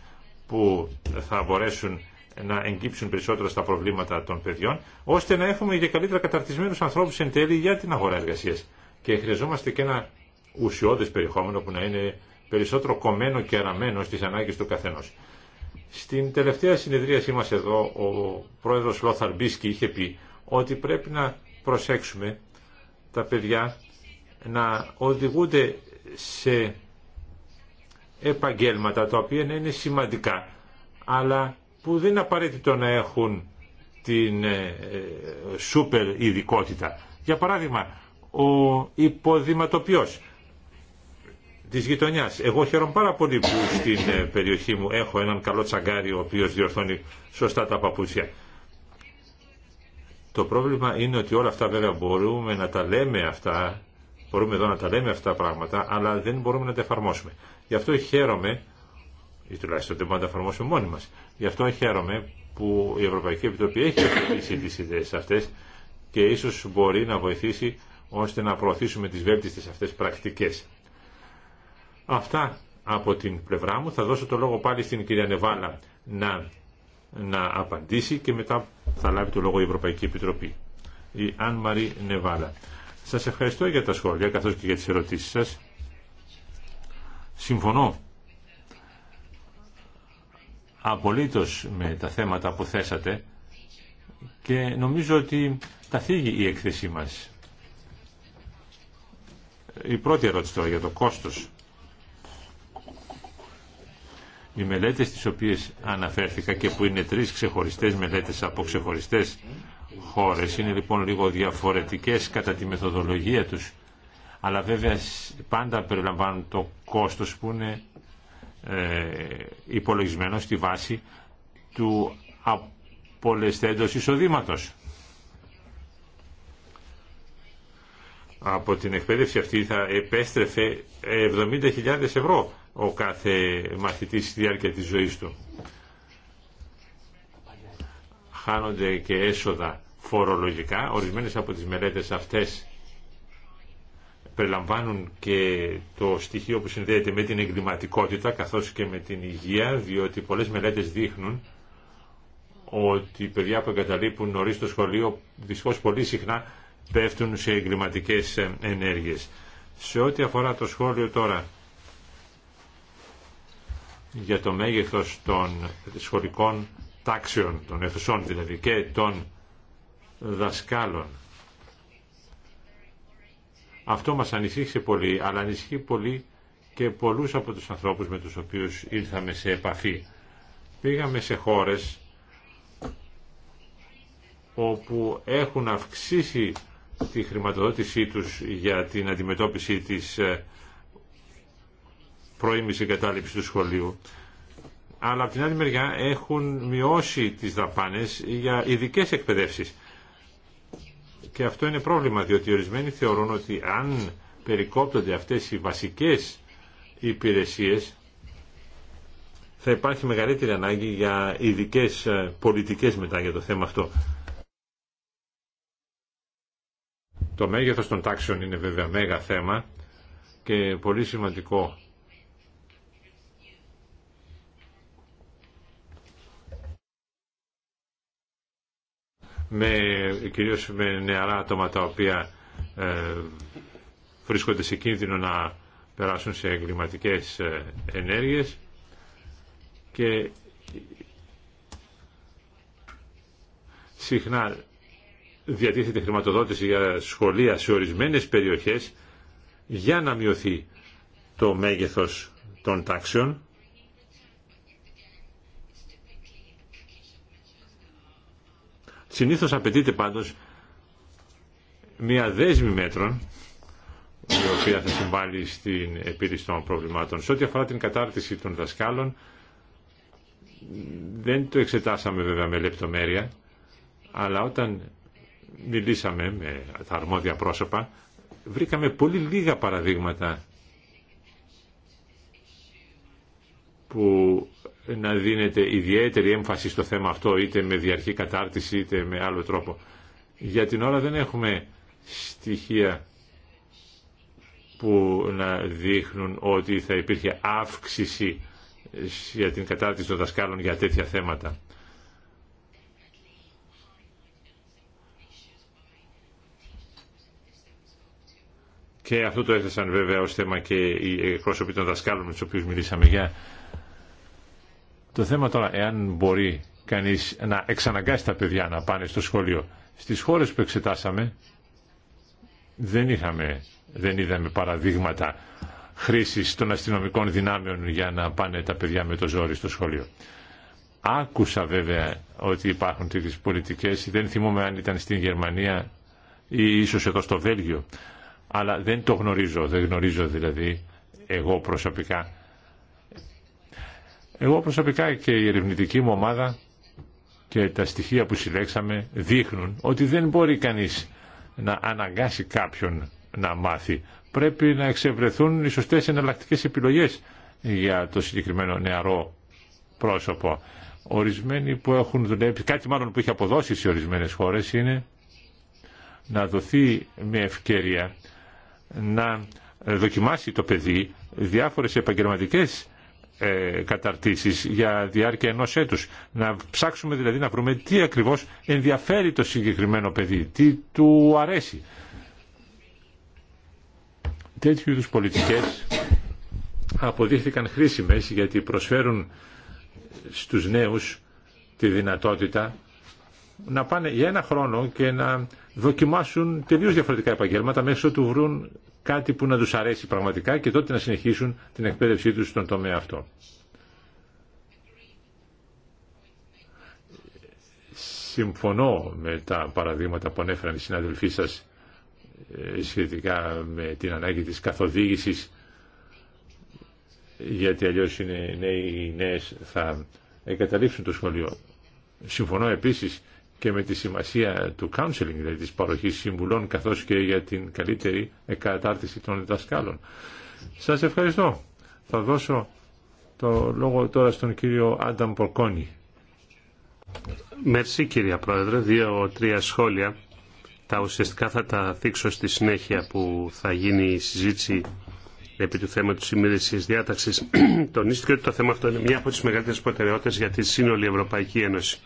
που θα μπορέσουν να εγκύψουν περισσότερα στα προβλήματα των παιδιών, ώστε να έχουμε για καλύτερα καταρτισμένους ανθρώπους εν τέλει για την αγορά εργασίας. Και χρειαζόμαστε και ένα ουσιώδες περιεχόμενο που να είναι περισσότερο κομμένο και αραμένο στις ανάγκες του καθενός. Στην τελευταία συνεδρίασή μας εδώ, ο πρόεδρος Λόθαρ Μπίσκι είχε πει ότι πρέπει να προσέξουμε τα παιδιά να οδηγούνται σε επαγγέλματα τα οποία να είναι σημαντικά, αλλά που δεν είναι απαραίτητο να έχουν την ε, ε, σούπερ ειδικότητα. Για παράδειγμα, ο υποδηματοποιός Τη γειτονιά, Εγώ χαίρομαι πάρα πολύ που στην ε, περιοχή μου έχω έναν καλό τσαγκάρι ο οποίο διορθώνει σωστά τα παπούτσια. Το πρόβλημα είναι ότι όλα αυτά βέβαια μπορούμε να τα λέμε αυτά, μπορούμε εδώ να τα λέμε αυτά τα πράγματα, αλλά δεν μπορούμε να τα εφαρμόσουμε. Γι' αυτό χαίρομαι, ή τουλάχιστον δεν μπορούμε να τα εφαρμόσουμε μόνοι μα, γι' αυτό χαίρομαι που η Ευρωπαϊκή Επιτροπή έχει ευθυγήσει τις ιδέες αυτές και ίσω μπορεί να βοηθήσει ώστε να προωθήσουμε τις βέλτιστες αυτές πρακτικές. Αυτά από την πλευρά μου. Θα δώσω το λόγο πάλι στην κυρία Νεβάλα να, να απαντήσει και μετά θα λάβει το λόγο η Ευρωπαϊκή Επιτροπή. Η Αν Μαρή Νεβάλα. Σας ευχαριστώ για τα σχόλια καθώς και για τις ερωτήσεις σας. Συμφωνώ απολύτως με τα θέματα που θέσατε και νομίζω ότι τα θίγει η έκθεσή μας. Η πρώτη ερώτηση τώρα για το κόστος. Οι μελέτες τις οποίες αναφέρθηκα και που είναι τρεις ξεχωριστές μελέτες από ξεχωριστές χώρες είναι λοιπόν λίγο διαφορετικές κατά τη μεθοδολογία τους αλλά βέβαια πάντα περιλαμβάνουν το κόστος που είναι ε, υπολογισμένο στη βάση του απολεσθέντος εισοδήματος. Από την εκπαίδευση αυτή θα επέστρεφε 70.000 ευρώ ο κάθε μαθητής στη διάρκεια της ζωής του. Χάνονται και έσοδα φορολογικά. Ορισμένες από τις μελέτες αυτές περιλαμβάνουν και το στοιχείο που συνδέεται με την εγκληματικότητα καθώς και με την υγεία, διότι πολλές μελέτες δείχνουν ότι οι παιδιά που εγκαταλείπουν νωρί το σχολείο δυστυχώς πολύ συχνά πέφτουν σε εγκληματικές ενέργειες. Σε ό,τι αφορά το σχόλιο τώρα για το μέγεθος των σχολικών τάξεων, των αιθουσών δηλαδή και των δασκάλων. Αυτό μας ανησύχησε πολύ, αλλά ανησυχεί πολύ και πολλούς από τους ανθρώπους με τους οποίους ήρθαμε σε επαφή. Πήγαμε σε χώρες όπου έχουν αυξήσει τη χρηματοδότησή τους για την αντιμετώπιση της ε, προήμιση κατάληψη του σχολείου. Αλλά από την άλλη μεριά έχουν μειώσει τις δαπάνες για ειδικέ εκπαιδεύσεις. Και αυτό είναι πρόβλημα, διότι ορισμένοι θεωρούν ότι αν περικόπτονται αυτές οι βασικές υπηρεσίες, θα υπάρχει μεγαλύτερη ανάγκη για ειδικέ ε, πολιτικές μετά για το θέμα αυτό. Το μέγεθος των τάξεων είναι βέβαια μέγα θέμα και πολύ σημαντικό με, κυρίως με νεαρά άτομα τα οποία ε, βρίσκονται σε κίνδυνο να περάσουν σε εγκληματικές ε, ενέργειες και συχνά διατίθεται χρηματοδότηση για σχολεία σε ορισμένες περιοχές για να μειωθεί το μέγεθος των τάξεων Συνήθως απαιτείται πάντως μια δέσμη μέτρων η οποία θα συμβάλλει στην επίλυση των προβλημάτων. Σε ό,τι αφορά την κατάρτιση των δασκάλων, δεν το εξετάσαμε βέβαια με λεπτομέρεια, αλλά όταν μιλήσαμε με τα αρμόδια πρόσωπα, βρήκαμε πολύ λίγα παραδείγματα που να δίνεται ιδιαίτερη έμφαση στο θέμα αυτό είτε με διαρχή κατάρτιση είτε με άλλο τρόπο. Για την ώρα δεν έχουμε στοιχεία που να δείχνουν ότι θα υπήρχε αύξηση για την κατάρτιση των δασκάλων για τέτοια θέματα. Και αυτό το έθεσαν βέβαια ως θέμα και οι εκπρόσωποι των δασκάλων με τους οποίους μιλήσαμε για το θέμα τώρα, εάν μπορεί κανείς να εξαναγκάσει τα παιδιά να πάνε στο σχολείο. Στις χώρες που εξετάσαμε δεν, είχαμε, δεν είδαμε παραδείγματα χρήσης των αστυνομικών δυνάμεων για να πάνε τα παιδιά με το ζόρι στο σχολείο. Άκουσα βέβαια ότι υπάρχουν τέτοιες πολιτικές, δεν θυμούμαι αν ήταν στην Γερμανία ή ίσως εδώ στο Βέλγιο, αλλά δεν το γνωρίζω, δεν γνωρίζω δηλαδή εγώ προσωπικά εγώ προσωπικά και η ερευνητική μου ομάδα και τα στοιχεία που συλλέξαμε δείχνουν ότι δεν μπορεί κανείς να αναγκάσει κάποιον να μάθει. Πρέπει να εξευρεθούν οι σωστές εναλλακτικές επιλογές για το συγκεκριμένο νεαρό πρόσωπο. Ορισμένοι που έχουν δουλέψει, κάτι μάλλον που έχει αποδώσει σε ορισμένες χώρες είναι να δοθεί μια ευκαιρία να δοκιμάσει το παιδί διάφορες επαγγελματικές ε, καταρτήσεις για διάρκεια ενός έτους. Να ψάξουμε δηλαδή να βρούμε τι ακριβώς ενδιαφέρει το συγκεκριμένο παιδί, τι του αρέσει. Τέτοιου είδους πολιτικές αποδείχθηκαν χρήσιμες γιατί προσφέρουν στους νέους τη δυνατότητα να πάνε για ένα χρόνο και να δοκιμάσουν τελείως διαφορετικά επαγγέλματα μέσω του βρουν κάτι που να τους αρέσει πραγματικά και τότε να συνεχίσουν την εκπαίδευσή τους στον τομέα αυτό. Συμφωνώ με τα παραδείγματα που ανέφεραν οι συναδελφοί σας ε, σχετικά με την ανάγκη της καθοδήγησης γιατί αλλιώς οι νέοι, οι νέες θα εγκαταλείψουν το σχολείο. Συμφωνώ επίσης και με τη σημασία του counseling, δηλαδή της παροχής συμβουλών, καθώς και για την καλύτερη εκατάρτιση των δασκάλων. Σας ευχαριστώ. Θα δώσω το λόγο τώρα στον κύριο Άνταμ Πορκόνη. Μερσή κύριε Πρόεδρε, δύο-τρία σχόλια. Τα ουσιαστικά θα τα δείξω στη συνέχεια που θα γίνει η συζήτηση επί του θέματος ημερησίας διάταξης. *clears throat* Τονίστηκε ότι το θέμα αυτό είναι μια από τις μεγαλύτερες προτεραιότητες για τη σύνολη Ευρωπαϊκή Ένωση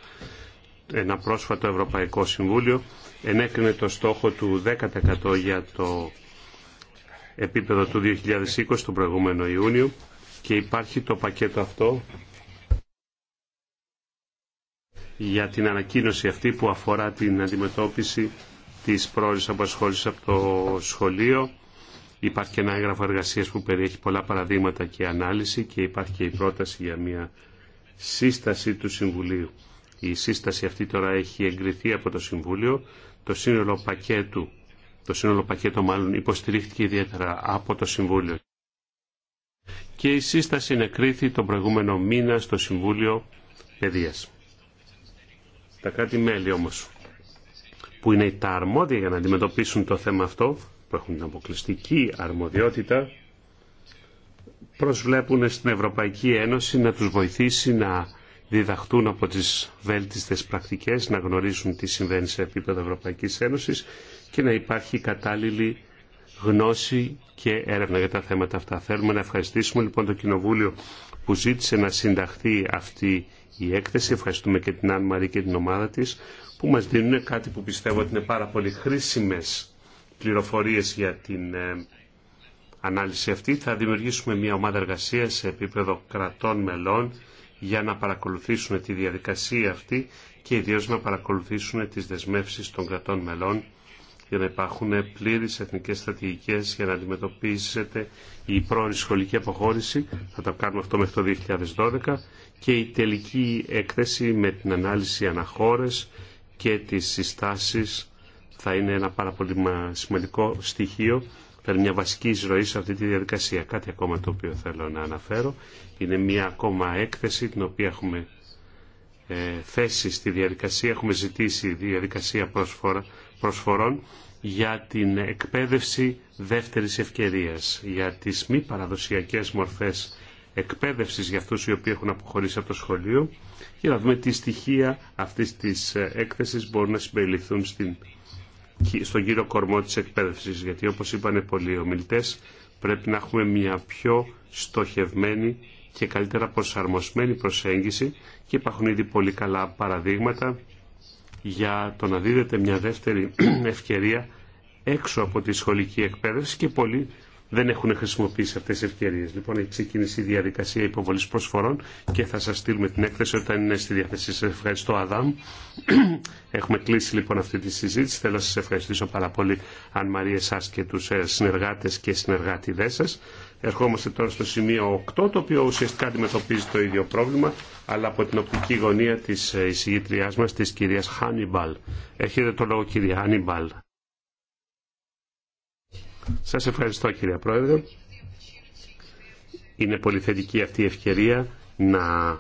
ένα πρόσφατο Ευρωπαϊκό Συμβούλιο ενέκρινε το στόχο του 10% για το επίπεδο του 2020 τον προηγούμενο Ιούνιο και υπάρχει το πακέτο αυτό για την ανακοίνωση αυτή που αφορά την αντιμετώπιση της πρόορης απασχόλησης από το σχολείο. Υπάρχει και ένα έγγραφο εργασίας που περιέχει πολλά παραδείγματα και ανάλυση και υπάρχει και η πρόταση για μια σύσταση του Συμβουλίου. Η σύσταση αυτή τώρα έχει εγκριθεί από το Συμβούλιο. Το σύνολο πακέτου, το σύνολο πακέτο μάλλον υποστηρίχθηκε ιδιαίτερα από το Συμβούλιο. Και η σύσταση κρίθη τον προηγούμενο μήνα στο Συμβούλιο Παιδείας. Τα κράτη-μέλη όμως που είναι τα αρμόδια για να αντιμετωπίσουν το θέμα αυτό, που έχουν την αποκλειστική αρμοδιότητα, προσβλέπουν στην Ευρωπαϊκή Ένωση να τους βοηθήσει να διδαχτούν από τις βέλτιστες πρακτικές, να γνωρίσουν τι συμβαίνει σε επίπεδο Ευρωπαϊκής Ένωσης και να υπάρχει κατάλληλη γνώση και έρευνα για τα θέματα αυτά. Θέλουμε να ευχαριστήσουμε λοιπόν το Κοινοβούλιο που ζήτησε να συνταχθεί αυτή η έκθεση. Ευχαριστούμε και την Αν Μαρή και την ομάδα της που μας δίνουν κάτι που πιστεύω ότι είναι πάρα πολύ χρήσιμες πληροφορίες για την ε, ανάλυση αυτή. Θα δημιουργήσουμε μια ομάδα εργασία σε επίπεδο κρατών μελών για να παρακολουθήσουν τη διαδικασία αυτή και ιδίως να παρακολουθήσουν τις δεσμεύσεις των κρατών μελών για να υπάρχουν πλήρεις εθνικές στρατηγικές για να αντιμετωπίσετε η πρώην σχολική αποχώρηση. Θα το κάνουμε αυτό μέχρι το 2012 και η τελική έκθεση με την ανάλυση αναχώρε και τις συστάσεις θα είναι ένα πάρα πολύ σημαντικό στοιχείο Θέλει μια βασική εισρωή σε αυτή τη διαδικασία. Κάτι ακόμα το οποίο θέλω να αναφέρω είναι μια ακόμα έκθεση την οποία έχουμε ε, θέσει στη διαδικασία, έχουμε ζητήσει διαδικασία προσφορα, προσφορών για την εκπαίδευση δεύτερης ευκαιρίας, για τις μη παραδοσιακές μορφές εκπαίδευσης για αυτούς οι οποίοι έχουν αποχωρήσει από το σχολείο και να δούμε τι στοιχεία αυτής της ε, έκθεσης μπορούν να συμπεριληφθούν στην στον κύριο κορμό της εκπαίδευσης, γιατί όπως είπαν πολλοί ομιλητές, πρέπει να έχουμε μια πιο στοχευμένη και καλύτερα προσαρμοσμένη προσέγγιση και υπάρχουν ήδη πολύ καλά παραδείγματα για το να δίδεται μια δεύτερη *clears throat* ευκαιρία έξω από τη σχολική εκπαίδευση και πολλοί δεν έχουν χρησιμοποιήσει αυτέ τι ευκαιρίε. Λοιπόν, έχει ξεκινήσει η διαδικασία υποβολή προσφορών και θα σα στείλουμε την έκθεση όταν είναι στη διάθεσή σα. Ευχαριστώ, Αδάμ. *clears throat* Έχουμε κλείσει λοιπόν αυτή τη συζήτηση. Θέλω να σα ευχαριστήσω πάρα πολύ, αν Μαρία, εσά και του ε, συνεργάτε και συνεργάτηδέ σα. Ερχόμαστε τώρα στο σημείο 8, το οποίο ουσιαστικά αντιμετωπίζει το ίδιο πρόβλημα, αλλά από την οπτική γωνία τη ε, εισηγήτριά μα, τη κυρία Χάνιμπαλ. Έχετε το λόγο, κυρία Χάνιμπαλ. Σας ευχαριστώ κύριε Πρόεδρε. Είναι πολύ θετική αυτή η ευκαιρία να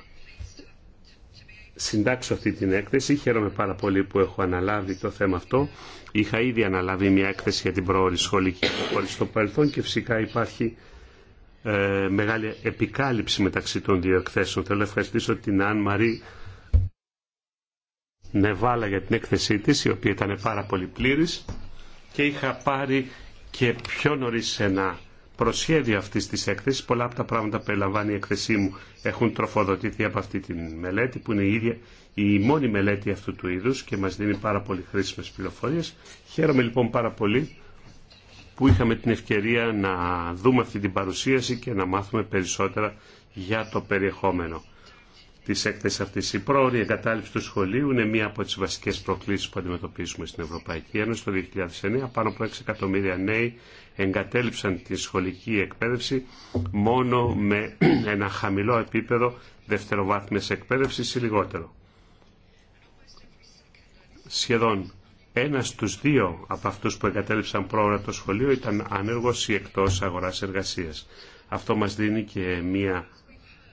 συντάξω αυτή την έκθεση. Χαίρομαι πάρα πολύ που έχω αναλάβει το θέμα αυτό. Είχα ήδη αναλάβει μια έκθεση για την προώρη σχολική προώρη στο παρελθόν και φυσικά υπάρχει ε, μεγάλη επικάλυψη μεταξύ των δύο εκθέσεων. Θέλω να ευχαριστήσω την Αν Μαρή Νεβάλα για την έκθεσή της, η οποία ήταν πάρα πολύ πλήρης και είχα πάρει και πιο νωρί σε ένα προσχέδιο αυτή τη έκθεσης. Πολλά από τα πράγματα που περιλαμβάνει η έκθεσή μου έχουν τροφοδοτηθεί από αυτή τη μελέτη που είναι η ίδια η μόνη μελέτη αυτού του είδου και μα δίνει πάρα πολύ χρήσιμε πληροφορίε. Χαίρομαι λοιπόν πάρα πολύ που είχαμε την ευκαιρία να δούμε αυτή την παρουσίαση και να μάθουμε περισσότερα για το περιεχόμενο τη έκθεση αυτή. Η πρόορη εγκατάλειψη του σχολείου είναι μία από τι βασικέ προκλήσει που αντιμετωπίζουμε στην Ευρωπαϊκή Ένωση. Το 2009 πάνω από 6 εκατομμύρια νέοι εγκατέλειψαν τη σχολική εκπαίδευση μόνο με *clears throat* ένα χαμηλό επίπεδο δευτεροβάθμιας εκπαίδευσης ή λιγότερο. Σχεδόν ένας στους δύο από αυτούς που εγκατέλειψαν πρόωρα το σχολείο ήταν άνεργος ή εκτός αγοράς εργασίας. Αυτό μας δίνει και μία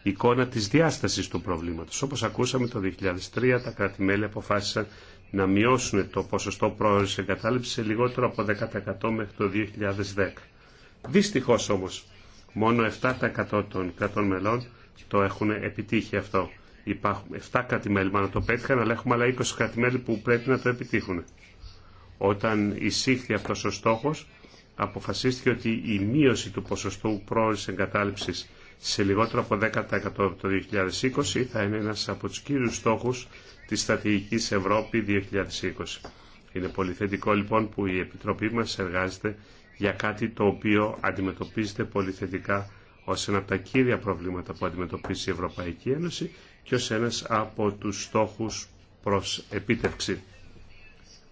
εικόνα της διάστασης του προβλήματος. Όπως ακούσαμε το 2003 τα κρατη αποφάσισαν να μειώσουν το ποσοστό πρόορης εγκατάλειψης σε λιγότερο από 10% μέχρι το 2010. Δυστυχώς όμως μόνο 7% των κρατών μελών το έχουν επιτύχει αυτό. Υπάρχουν 7 κράτη-μέλη μάλλον το πέτυχαν, αλλά έχουμε άλλα 20 κρατη που πρέπει να το επιτύχουν. Όταν εισήχθη αυτός ο στόχος, αποφασίστηκε ότι η μείωση του ποσοστού πρόορης εγκατάλειψης σε λιγότερο από 10% το 2020 θα είναι ένας από τους κύριους στόχους της στρατηγικής Ευρώπη 2020. Είναι πολύ θετικό λοιπόν που η Επιτροπή μας εργάζεται για κάτι το οποίο αντιμετωπίζεται πολύ θετικά ως ένα από τα κύρια προβλήματα που αντιμετωπίζει η Ευρωπαϊκή Ένωση και ως ένας από τους στόχους προς επίτευξη.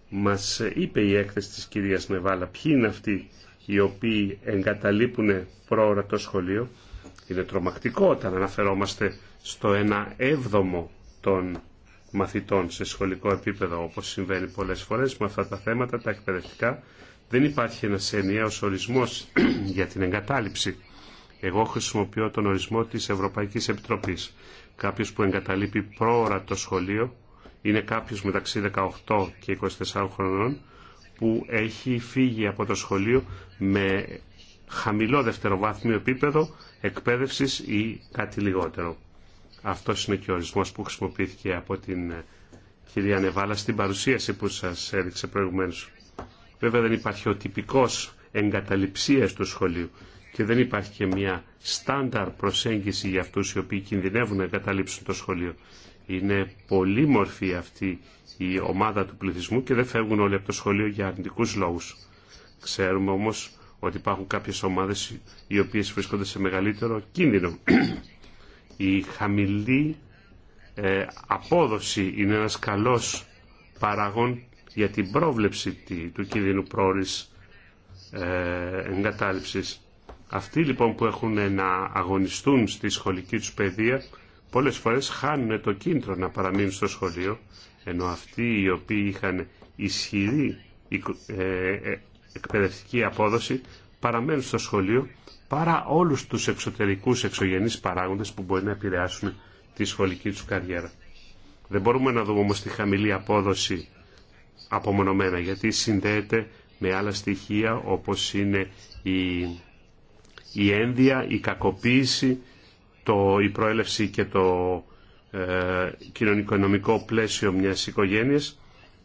Μας είπε η έκθεση της κυρίας Νεβάλα ποιοι είναι αυτοί οι οποίοι εγκαταλείπουν πρόωρα το σχολείο είναι τρομακτικό όταν αναφερόμαστε στο ένα έβδομο των μαθητών σε σχολικό επίπεδο, όπως συμβαίνει πολλές φορές με αυτά τα θέματα, τα εκπαιδευτικά. Δεν υπάρχει ένας ενιαίος ορισμός *clears throat* για την εγκατάληψη. Εγώ χρησιμοποιώ τον ορισμό της Ευρωπαϊκής Επιτροπής. Κάποιος που εγκαταλείπει πρόωρα το σχολείο είναι κάποιος μεταξύ 18 και 24 χρονών που έχει φύγει από το σχολείο με χαμηλό δευτεροβάθμιο επίπεδο εκπαίδευσης ή κάτι λιγότερο. Αυτό είναι και ο ορισμός που χρησιμοποιήθηκε από την ε, κυρία Νεβάλα στην παρουσίαση που σας έδειξε προηγουμένως. Βέβαια δεν υπάρχει ο τυπικός εγκαταλειψίας του σχολείου και δεν υπάρχει και μια στάνταρ προσέγγιση για αυτούς οι οποίοι κινδυνεύουν να εγκαταλείψουν το σχολείο. Είναι πολύ μορφή αυτή η ομάδα του πληθυσμού και δεν φεύγουν όλοι από το σχολείο για αρνητικού λόγους. Ξέρουμε όμως ότι υπάρχουν κάποιες ομάδες οι οποίες βρίσκονται σε μεγαλύτερο κίνδυνο. Η χαμηλή ε, απόδοση είναι ένας καλός παράγων για την πρόβλεψη του κίνδυνου πρόορης ε, εγκατάλειψης. Αυτοί λοιπόν που έχουν να αγωνιστούν στη σχολική τους παιδεία πολλές φορές χάνουν το κίνητρο να παραμείνουν στο σχολείο ενώ αυτοί οι οποίοι είχαν ισχυρή ε, ε, εκπαιδευτική απόδοση παραμένουν στο σχολείο παρά όλους τους εξωτερικούς εξωγενείς παράγοντες που μπορεί να επηρεάσουν τη σχολική τους καριέρα. Δεν μπορούμε να δούμε όμως τη χαμηλή απόδοση απομονωμένα γιατί συνδέεται με άλλα στοιχεία όπως είναι η, η ένδια, η κακοποίηση, το, η προέλευση και το ε, κοινωνικο-οικονομικό πλαίσιο μιας οικογένειας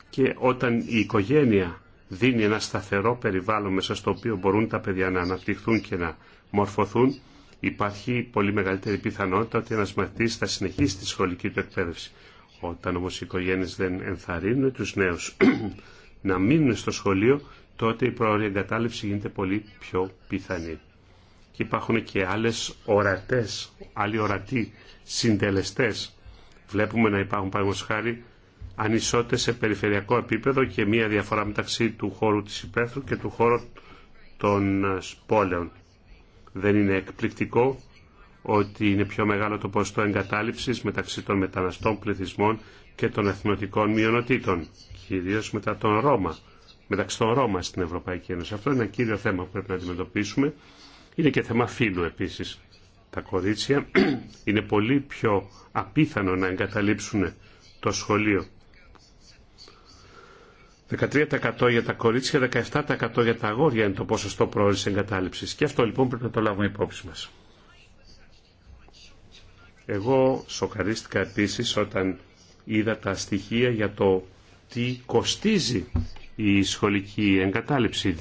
και όταν η οικογένεια δίνει ένα σταθερό περιβάλλον μέσα στο οποίο μπορούν τα παιδιά να αναπτυχθούν και να μορφωθούν, υπάρχει πολύ μεγαλύτερη πιθανότητα ότι ένα μαθητής θα συνεχίσει τη σχολική του εκπαίδευση. Όταν όμω οι οικογένειε δεν ενθαρρύνουν του νέου *clears throat* να μείνουν στο σχολείο, τότε η προώρια εγκατάλειψη γίνεται πολύ πιο πιθανή. Και υπάρχουν και άλλε ορατέ, άλλοι ορατοί συντελεστέ, Βλέπουμε να υπάρχουν, παραδείγματος χάρη, ανισότητε σε περιφερειακό επίπεδο και μία διαφορά μεταξύ του χώρου της υπαίθρου και του χώρου των ε, πόλεων. Δεν είναι εκπληκτικό ότι είναι πιο μεγάλο το ποσοστό εγκατάλειψης μεταξύ των μεταναστών πληθυσμών και των εθνοτικών μειονοτήτων, κυρίως μετά τον Ρώμα, μεταξύ των Ρώμα στην Ευρωπαϊκή Ένωση. Αυτό είναι ένα κύριο θέμα που πρέπει να αντιμετωπίσουμε. Είναι και θέμα φύλου επίσης. Τα κορίτσια *clears throat* είναι πολύ πιο απίθανο να εγκαταλείψουν το σχολείο 13% για τα κορίτσια, 17% για τα αγόρια είναι το ποσοστό πρόορης εγκατάλειψης. Και αυτό λοιπόν πρέπει να το λάβουμε υπόψη μας. Εγώ σοκαρίστηκα επίση όταν είδα τα στοιχεία για το τι κοστίζει η σχολική εγκατάληψη.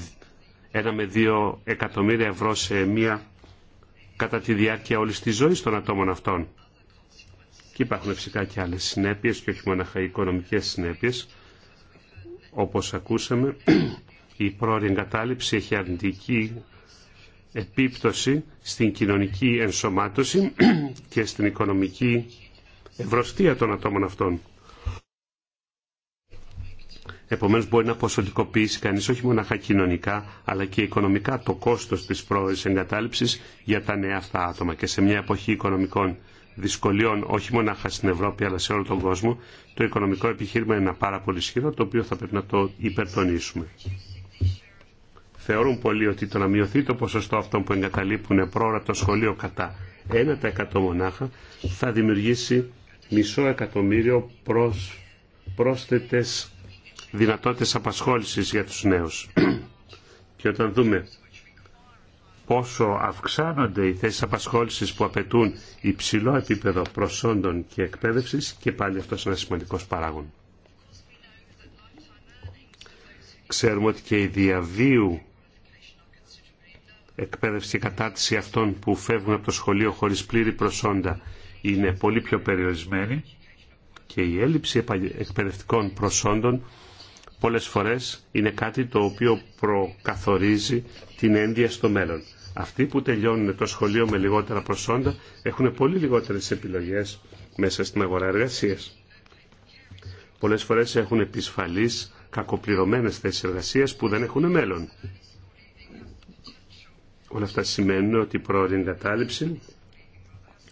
Ένα με δύο εκατομμύρια ευρώ σε μία κατά τη διάρκεια όλη τη ζωή των ατόμων αυτών. Και υπάρχουν φυσικά και άλλε συνέπειε και όχι μόνο οικονομικέ συνέπειε. Όπως ακούσαμε, η πρώτη εγκατάλειψη έχει αρνητική επίπτωση στην κοινωνική ενσωμάτωση και στην οικονομική ευρωστία των ατόμων αυτών. Επομένως μπορεί να ποσοτικοποιήσει κανείς όχι μοναχα κοινωνικά αλλά και οικονομικά το κόστος της πρώτης εγκατάλειψης για τα νέα αυτά άτομα και σε μια εποχή οικονομικών δυσκολιών όχι μονάχα στην Ευρώπη αλλά σε όλο τον κόσμο, το οικονομικό επιχείρημα είναι ένα πάρα πολύ ισχυρό το οποίο θα πρέπει να το υπερτονίσουμε. Θεωρούν πολλοί ότι το να μειωθεί το ποσοστό αυτών που εγκαταλείπουν πρόωρα το σχολείο κατά 1% μονάχα θα δημιουργήσει μισό εκατομμύριο προς, πρόσθετες δυνατότητες απασχόλησης για τους νέους. *clears throat* Και όταν δούμε όσο αυξάνονται οι θέσεις απασχόλησης που απαιτούν υψηλό επίπεδο προσόντων και εκπαίδευσης και πάλι αυτό είναι ένα σημαντικός παράγον. Ξέρουμε ότι και η διαβίου εκπαίδευση και κατάρτιση αυτών που φεύγουν από το σχολείο χωρίς πλήρη προσόντα είναι πολύ πιο περιορισμένη και η έλλειψη εκπαιδευτικών προσόντων πολλές φορές είναι κάτι το οποίο προκαθορίζει την ένδυα στο μέλλον. Αυτοί που τελειώνουν το σχολείο με λιγότερα προσόντα έχουν πολύ λιγότερες επιλογές μέσα στην αγορά εργασίας. Πολλές φορές έχουν επισφαλείς κακοπληρωμένες θέσεις εργασίας που δεν έχουν μέλλον. Όλα αυτά σημαίνουν ότι η πρόορη εγκατάλειψη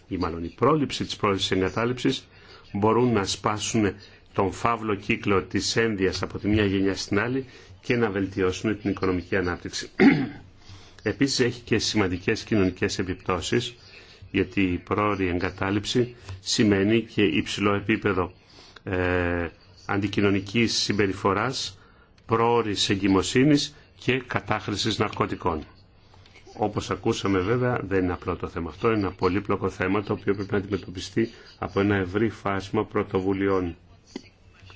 η πρόληψη της πρόληψης εγκατάλειψης μπορούν να σπάσουν τον φαύλο κύκλο της ένδυας από τη μια γενιά στην άλλη και να βελτιώσουν την οικονομική ανάπτυξη. Επίσης έχει και σημαντικές κοινωνικές επιπτώσεις, γιατί η πρόορη εγκατάλειψη σημαίνει και υψηλό επίπεδο ε, αντικοινωνικής συμπεριφοράς, πρόορης εγκυμοσύνης και κατάχρησης ναρκωτικών. Όπως ακούσαμε βέβαια δεν είναι απλό το θέμα αυτό, είναι ένα πολύπλοκο θέμα το οποίο πρέπει να αντιμετωπιστεί από ένα ευρύ φάσμα πρωτοβουλειών.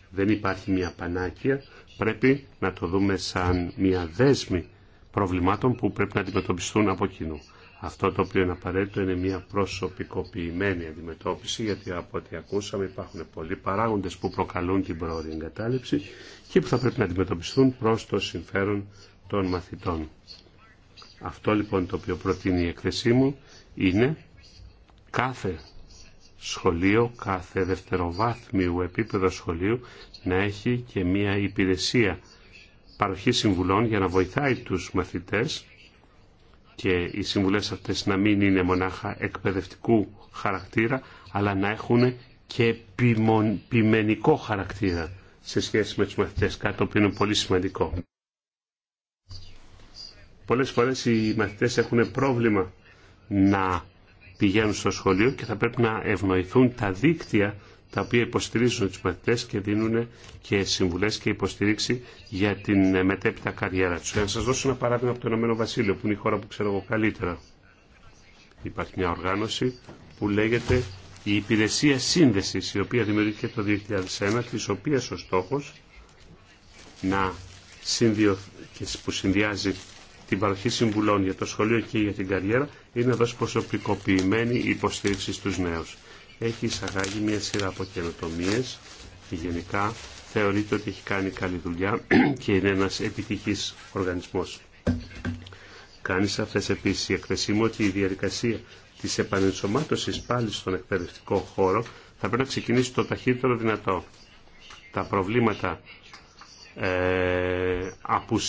Δεν υπάρχει μια πανάκια, πρέπει να το δούμε σαν μια δέσμη προβλημάτων που πρέπει να αντιμετωπιστούν από κοινού. Αυτό το οποίο είναι απαραίτητο είναι μια προσωπικοποιημένη αντιμετώπιση, γιατί από ό,τι ακούσαμε υπάρχουν πολλοί παράγοντε που προκαλούν την πρόορη εγκατάλειψη και που θα πρέπει να αντιμετωπιστούν προ το συμφέρον των μαθητών. Αυτό λοιπόν το οποίο προτείνει η εκθεσή μου είναι κάθε σχολείο, κάθε δευτεροβάθμιου επίπεδο σχολείου να έχει και μια υπηρεσία παροχή συμβουλών για να βοηθάει τους μαθητές και οι συμβουλές αυτές να μην είναι μονάχα εκπαιδευτικού χαρακτήρα αλλά να έχουν και ποιμενικό χαρακτήρα σε σχέση με τους μαθητές, κάτι το οποίο είναι πολύ σημαντικό. Πολλές φορές οι μαθητές έχουν πρόβλημα να πηγαίνουν στο σχολείο και θα πρέπει να ευνοηθούν τα δίκτυα τα οποία υποστηρίζουν τους μαθητές και δίνουν και συμβουλές και υποστήριξη για την μετέπειτα καριέρα τους. Να σας δώσω ένα παράδειγμα από το Ηνωμένο Βασίλειο, που είναι η χώρα που ξέρω εγώ καλύτερα. Υπάρχει μια οργάνωση που λέγεται η Υπηρεσία Σύνδεσης, η οποία δημιουργήθηκε το 2001, της οποίας ο στόχος να που συνδυάζει την παροχή συμβουλών για το σχολείο και για την καριέρα είναι να δώσει προσωπικοποιημένη υποστήριξη στους νέους έχει εισαγάγει μια σειρά από καινοτομίε. και γενικά θεωρείται ότι έχει κάνει καλή δουλειά *clears throat* και είναι ένας επιτυχής οργανισμός. Κάνει σαφέ επίση η εκθεσή μου ότι η διαδικασία της επανενσωμάτωσης πάλι στον εκπαιδευτικό χώρο θα πρέπει να ξεκινήσει το ταχύτερο δυνατό. Τα προβλήματα ε, από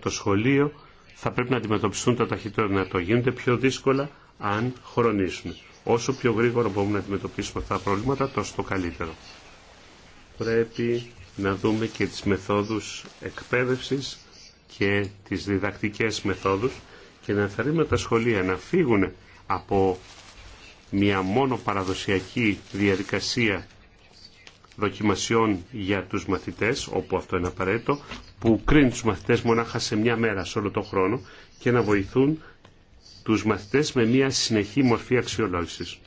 το σχολείο θα πρέπει να αντιμετωπιστούν το ταχύτερο δυνατό. Γίνονται πιο δύσκολα αν χρονίσουμε όσο πιο γρήγορα μπορούμε να αντιμετωπίσουμε αυτά τα προβλήματα, τόσο το καλύτερο. Πρέπει να δούμε και τις μεθόδους εκπαίδευσης και τις διδακτικές μεθόδους και να ενθαρρύνουμε τα σχολεία να φύγουν από μια μόνο παραδοσιακή διαδικασία δοκιμασιών για τους μαθητές, όπου αυτό είναι απαραίτητο, που κρίνουν τους μαθητές μονάχα σε μια μέρα σε όλο τον χρόνο και να βοηθούν τους μαθητές με μια συνεχή μορφή αξιολόγησης.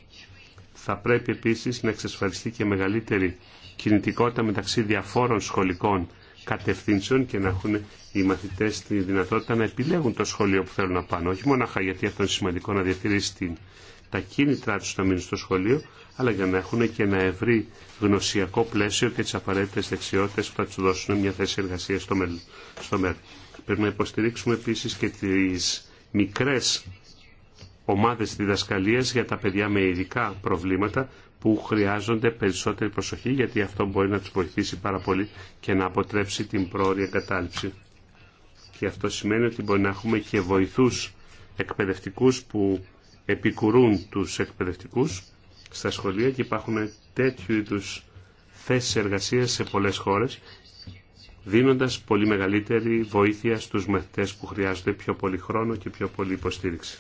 Θα πρέπει επίσης να εξασφαλιστεί και μεγαλύτερη κινητικότητα μεταξύ διαφόρων σχολικών κατευθύνσεων και να έχουν οι μαθητές τη δυνατότητα να επιλέγουν το σχολείο που θέλουν να πάνε. Όχι μόνο γιατί αυτό είναι σημαντικό να διατηρήσει την, τα κίνητρά τους να μείνουν στο σχολείο, αλλά για να έχουν και ένα ευρύ γνωσιακό πλαίσιο και τις απαραίτητες δεξιότητες που θα τους δώσουν μια θέση εργασία στο μέλλον. Πρέπει να υποστηρίξουμε επίσης και τις μικρές ομάδες διδασκαλίας για τα παιδιά με ειδικά προβλήματα που χρειάζονται περισσότερη προσοχή γιατί αυτό μπορεί να τους βοηθήσει πάρα πολύ και να αποτρέψει την πρόορια κατάληψη. Και αυτό σημαίνει ότι μπορεί να έχουμε και βοηθούς εκπαιδευτικούς που επικουρούν τους εκπαιδευτικούς στα σχολεία και υπάρχουν τέτοιου είδους θέσεις εργασίας σε πολλές χώρες δίνοντας πολύ μεγαλύτερη βοήθεια στους μαθητές που χρειάζονται πιο πολύ χρόνο και πιο πολύ υποστήριξη.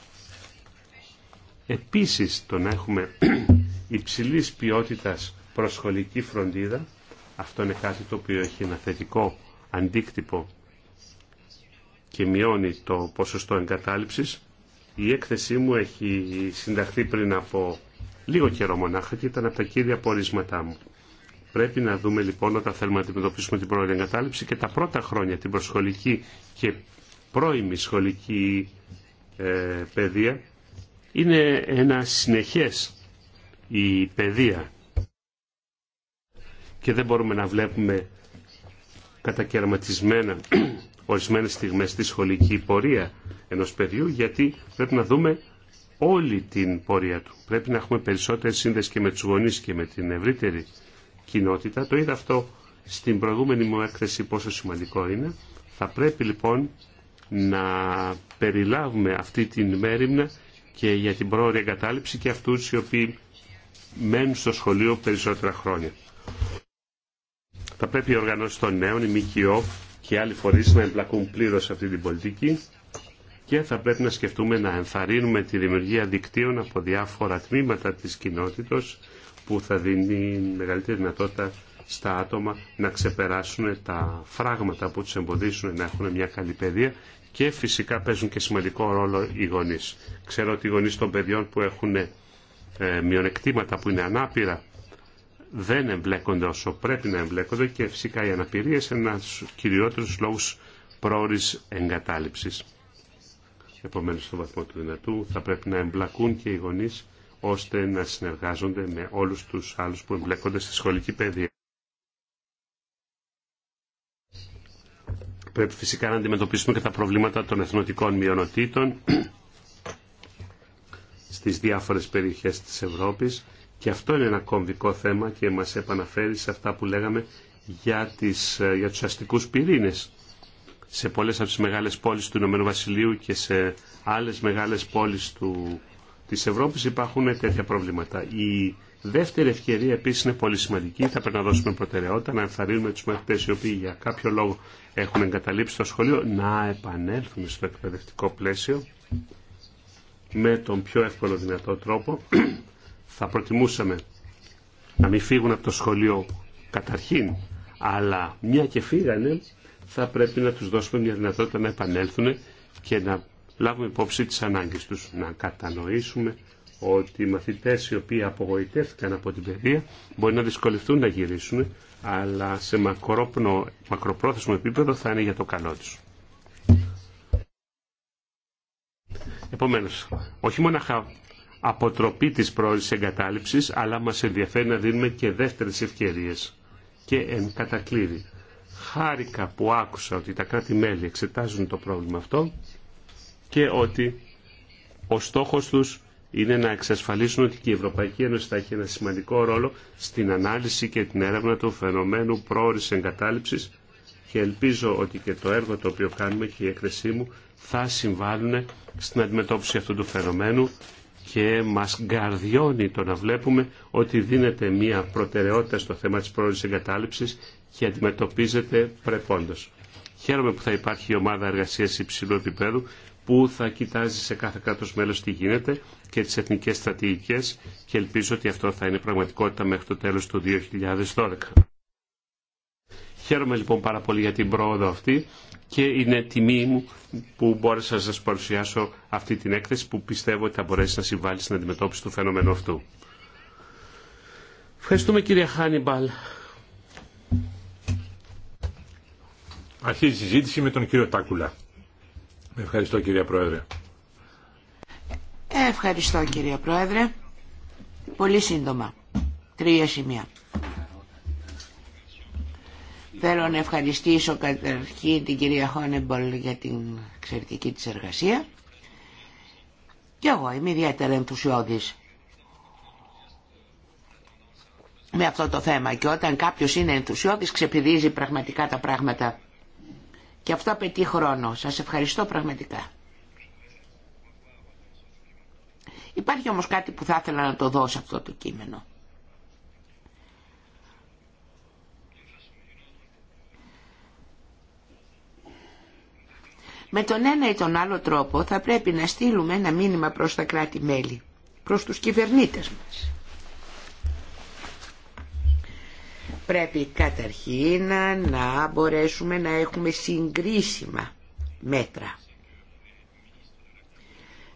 Επίσης το να έχουμε *clears throat* υψηλής ποιότητας προσχολική φροντίδα, αυτό είναι κάτι το οποίο έχει ένα θετικό αντίκτυπο και μειώνει το ποσοστό εγκατάλειψης. Η έκθεσή μου έχει συνταχθεί πριν από λίγο καιρό μονάχα και ήταν από τα κύρια πορίσματά μου. Πρέπει να δούμε λοιπόν όταν θέλουμε να αντιμετωπίσουμε την πρώτη εγκατάλειψη και τα πρώτα χρόνια την προσχολική και πρώιμη σχολική ε, παιδεία είναι ένα συνεχές η παιδεία και δεν μπορούμε να βλέπουμε κατακαιρματισμένα *clears throat* ορισμένες στιγμές τη σχολική πορεία ενός παιδιού γιατί πρέπει να δούμε όλη την πορεία του. Πρέπει να έχουμε περισσότερες σύνδεση και με τους γονείς και με την ευρύτερη κοινότητα. Το είδα αυτό στην προηγούμενη μου έκθεση πόσο σημαντικό είναι. Θα πρέπει λοιπόν να περιλάβουμε αυτή την μέρημνα και για την πρόορη εγκατάλειψη και αυτούς οι οποίοι μένουν στο σχολείο περισσότερα χρόνια. Θα πρέπει οι οργανώσει των νέων, η ΜΚΟ και άλλοι φορείς να εμπλακούν πλήρω σε αυτή την πολιτική και θα πρέπει να σκεφτούμε να ενθαρρύνουμε τη δημιουργία δικτύων από διάφορα τμήματα της κοινότητα που θα δίνει μεγαλύτερη δυνατότητα στα άτομα να ξεπεράσουν τα φράγματα που τους εμποδίσουν να έχουν μια καλή παιδεία και φυσικά παίζουν και σημαντικό ρόλο οι γονεί. Ξέρω ότι οι γονεί των παιδιών που έχουν ε, μειονεκτήματα που είναι ανάπηρα δεν εμπλέκονται όσο πρέπει να εμπλέκονται και φυσικά οι αναπηρίε είναι ένας κυριότερος λόγος πρόορη εγκατάλειψη. Επομένως, στο βαθμό του δυνατού θα πρέπει να εμπλακούν και οι γονεί, ώστε να συνεργάζονται με όλους τους άλλους που εμπλέκονται στη σχολική παιδεία. Πρέπει φυσικά να αντιμετωπίσουμε και τα προβλήματα των εθνοτικών μειονοτήτων *clears throat* στις διάφορες περιοχές της Ευρώπης και αυτό είναι ένα κομβικό θέμα και μας επαναφέρει σε αυτά που λέγαμε για, τις, ε, για τους αστικούς πυρήνες. Σε πολλές από τις μεγάλες πόλεις του Ηνωμένου Βασιλείου και σε άλλες μεγάλες πόλεις του, της Ευρώπης υπάρχουν τέτοια προβλήματα. Η, Δεύτερη ευκαιρία επίση είναι πολύ σημαντική. Θα πρέπει να δώσουμε προτεραιότητα, να ενθαρρύνουμε του μαθητέ οι οποίοι για κάποιο λόγο έχουν εγκαταλείψει το σχολείο να επανέλθουν στο εκπαιδευτικό πλαίσιο με τον πιο εύκολο δυνατό τρόπο. *clears throat* θα προτιμούσαμε να μην φύγουν από το σχολείο καταρχήν, αλλά μια και φύγανε θα πρέπει να τους δώσουμε μια δυνατότητα να επανέλθουν και να λάβουμε υπόψη τις ανάγκες τους, να κατανοήσουμε ότι οι μαθητές οι οποίοι απογοητεύτηκαν από την παιδεία μπορεί να δυσκολευτούν να γυρίσουν, αλλά σε μακρόπνο, μακροπρόθεσμο επίπεδο θα είναι για το καλό τους. Επομένως, όχι μόνο αποτροπή της πρόορης εγκατάλειψης, αλλά μας ενδιαφέρει να δίνουμε και δεύτερες ευκαιρίες. Και εν κατακλείδη, χάρηκα που άκουσα ότι τα κράτη-μέλη εξετάζουν το πρόβλημα αυτό και ότι ο στόχος τους είναι να εξασφαλίσουν ότι και η Ευρωπαϊκή Ένωση θα έχει ένα σημαντικό ρόλο στην ανάλυση και την έρευνα του φαινομένου πρόορης εγκατάλειψης και ελπίζω ότι και το έργο το οποίο κάνουμε και η έκθεσή μου θα συμβάλλουν στην αντιμετώπιση αυτού του φαινομένου και μας γκαρδιώνει το να βλέπουμε ότι δίνεται μια προτεραιότητα στο θέμα της πρόορης εγκατάλειψης και αντιμετωπίζεται πρεπόντος. Χαίρομαι που θα υπάρχει η ομάδα εργασίας υψηλού επίπεδου που θα κοιτάζει σε κάθε κράτος μέλος τι γίνεται και τις εθνικές στρατηγικές και ελπίζω ότι αυτό θα είναι πραγματικότητα μέχρι το τέλος του 2012. Χαίρομαι λοιπόν πάρα πολύ για την πρόοδο αυτή και είναι τιμή μου που μπόρεσα να σας παρουσιάσω αυτή την έκθεση που πιστεύω ότι θα μπορέσει να συμβάλλει στην αντιμετώπιση του φαινομένου αυτού. Ευχαριστούμε κύριε Χάνιμπαλ. Αρχίζει η συζήτηση με τον κύριο Τάκουλα. Ευχαριστώ κυρία Πρόεδρε. Ευχαριστώ κυρία Πρόεδρε. Πολύ σύντομα. Τρία σημεία. Θέλω να ευχαριστήσω καταρχήν την κυρία Χόνεμπολ για την εξαιρετική της εργασία. Και εγώ είμαι ιδιαίτερα ενθουσιώδης με αυτό το θέμα. Και όταν κάποιος είναι ενθουσιώδης ξεπηδίζει πραγματικά τα πράγματα. Και αυτό απαιτεί χρόνο. Σας ευχαριστώ πραγματικά. Υπάρχει όμως κάτι που θα ήθελα να το δω σε αυτό το κείμενο. Με τον ένα ή τον άλλο τρόπο θα πρέπει να στείλουμε ένα μήνυμα προς τα κράτη-μέλη, προς τους κυβερνήτες μας. πρέπει καταρχήν να μπορέσουμε να έχουμε συγκρίσιμα μέτρα.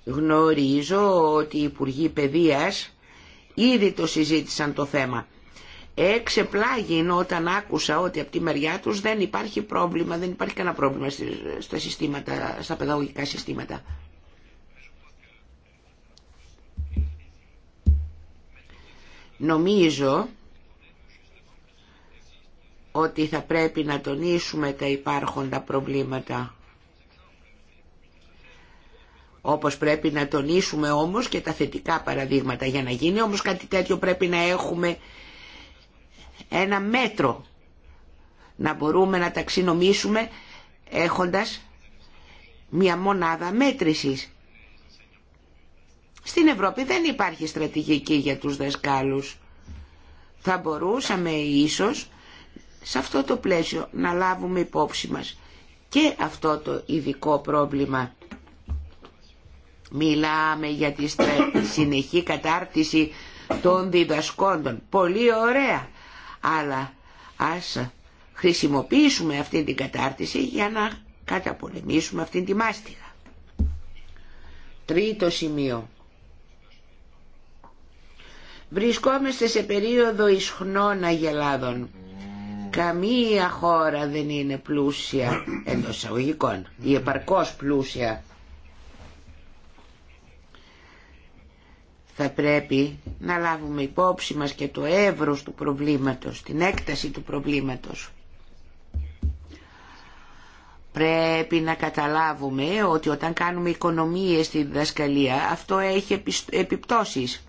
Γνωρίζω ότι οι Υπουργοί Παιδείας ήδη το συζήτησαν το θέμα. Εξεπλάγει όταν άκουσα ότι από τη μεριά τους δεν υπάρχει πρόβλημα, δεν υπάρχει κανένα πρόβλημα στα, συστήματα, στα παιδαγωγικά συστήματα. Νομίζω ότι θα πρέπει να τονίσουμε τα υπάρχοντα προβλήματα. Όπως πρέπει να τονίσουμε όμως και τα θετικά παραδείγματα. Για να γίνει όμως κάτι τέτοιο πρέπει να έχουμε ένα μέτρο. Να μπορούμε να ταξινομήσουμε έχοντας μια μονάδα μέτρησης. Στην Ευρώπη δεν υπάρχει στρατηγική για τους δασκάλους. Θα μπορούσαμε ίσως σε αυτό το πλαίσιο να λάβουμε υπόψη μας και αυτό το ειδικό πρόβλημα. Μιλάμε για τη συνεχή κατάρτιση των διδασκόντων. Πολύ ωραία. Αλλά ας χρησιμοποιήσουμε αυτή την κατάρτιση για να καταπολεμήσουμε αυτή τη μάστιγα. Τρίτο σημείο. Βρισκόμαστε σε περίοδο ισχνών αγελάδων. Καμία χώρα δεν είναι πλούσια εντό εισαγωγικών ή επαρκώ πλούσια. Θα πρέπει να λάβουμε υπόψη μας και το εύρος του προβλήματος, την έκταση του προβλήματος. Πρέπει να καταλάβουμε ότι όταν κάνουμε οικονομίες στη διδασκαλία αυτό έχει επιπτώσεις.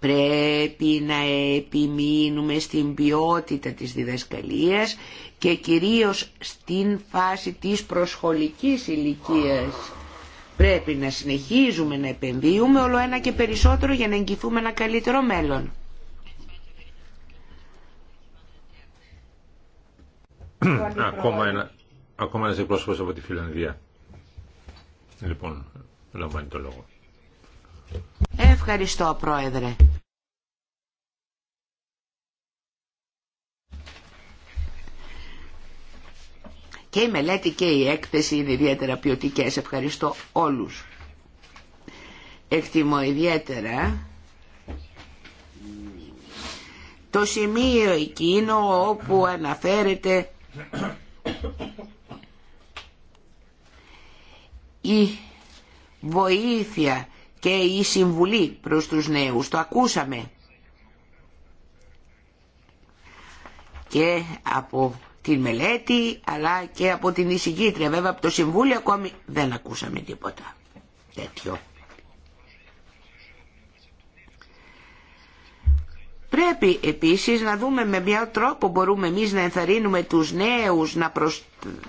Πρέπει να επιμείνουμε στην ποιότητα της διδασκαλίας και κυρίως στην φάση της προσχολικής ηλικίας. Πρέπει να συνεχίζουμε να επενδύουμε όλο ένα και περισσότερο για να εγγυθούμε ένα καλύτερο μέλλον. ακόμα, ένα, ακόμα ένας εκπρόσωπος από τη Φιλανδία. Λοιπόν, λαμβάνει το λόγο. Ευχαριστώ, Πρόεδρε. Και η μελέτη και η έκθεση είναι ιδιαίτερα ποιοτικέ. Ευχαριστώ όλους. Εκτιμώ ιδιαίτερα το σημείο εκείνο όπου αναφέρεται η βοήθεια και η συμβουλή προς τους νέους. Το ακούσαμε και από την μελέτη αλλά και από την εισηγήτρια. Βέβαια από το Συμβούλιο ακόμη δεν ακούσαμε τίποτα τέτοιο. Πρέπει επίσης να δούμε με ποιο τρόπο μπορούμε εμείς να ενθαρρύνουμε τους νέους να,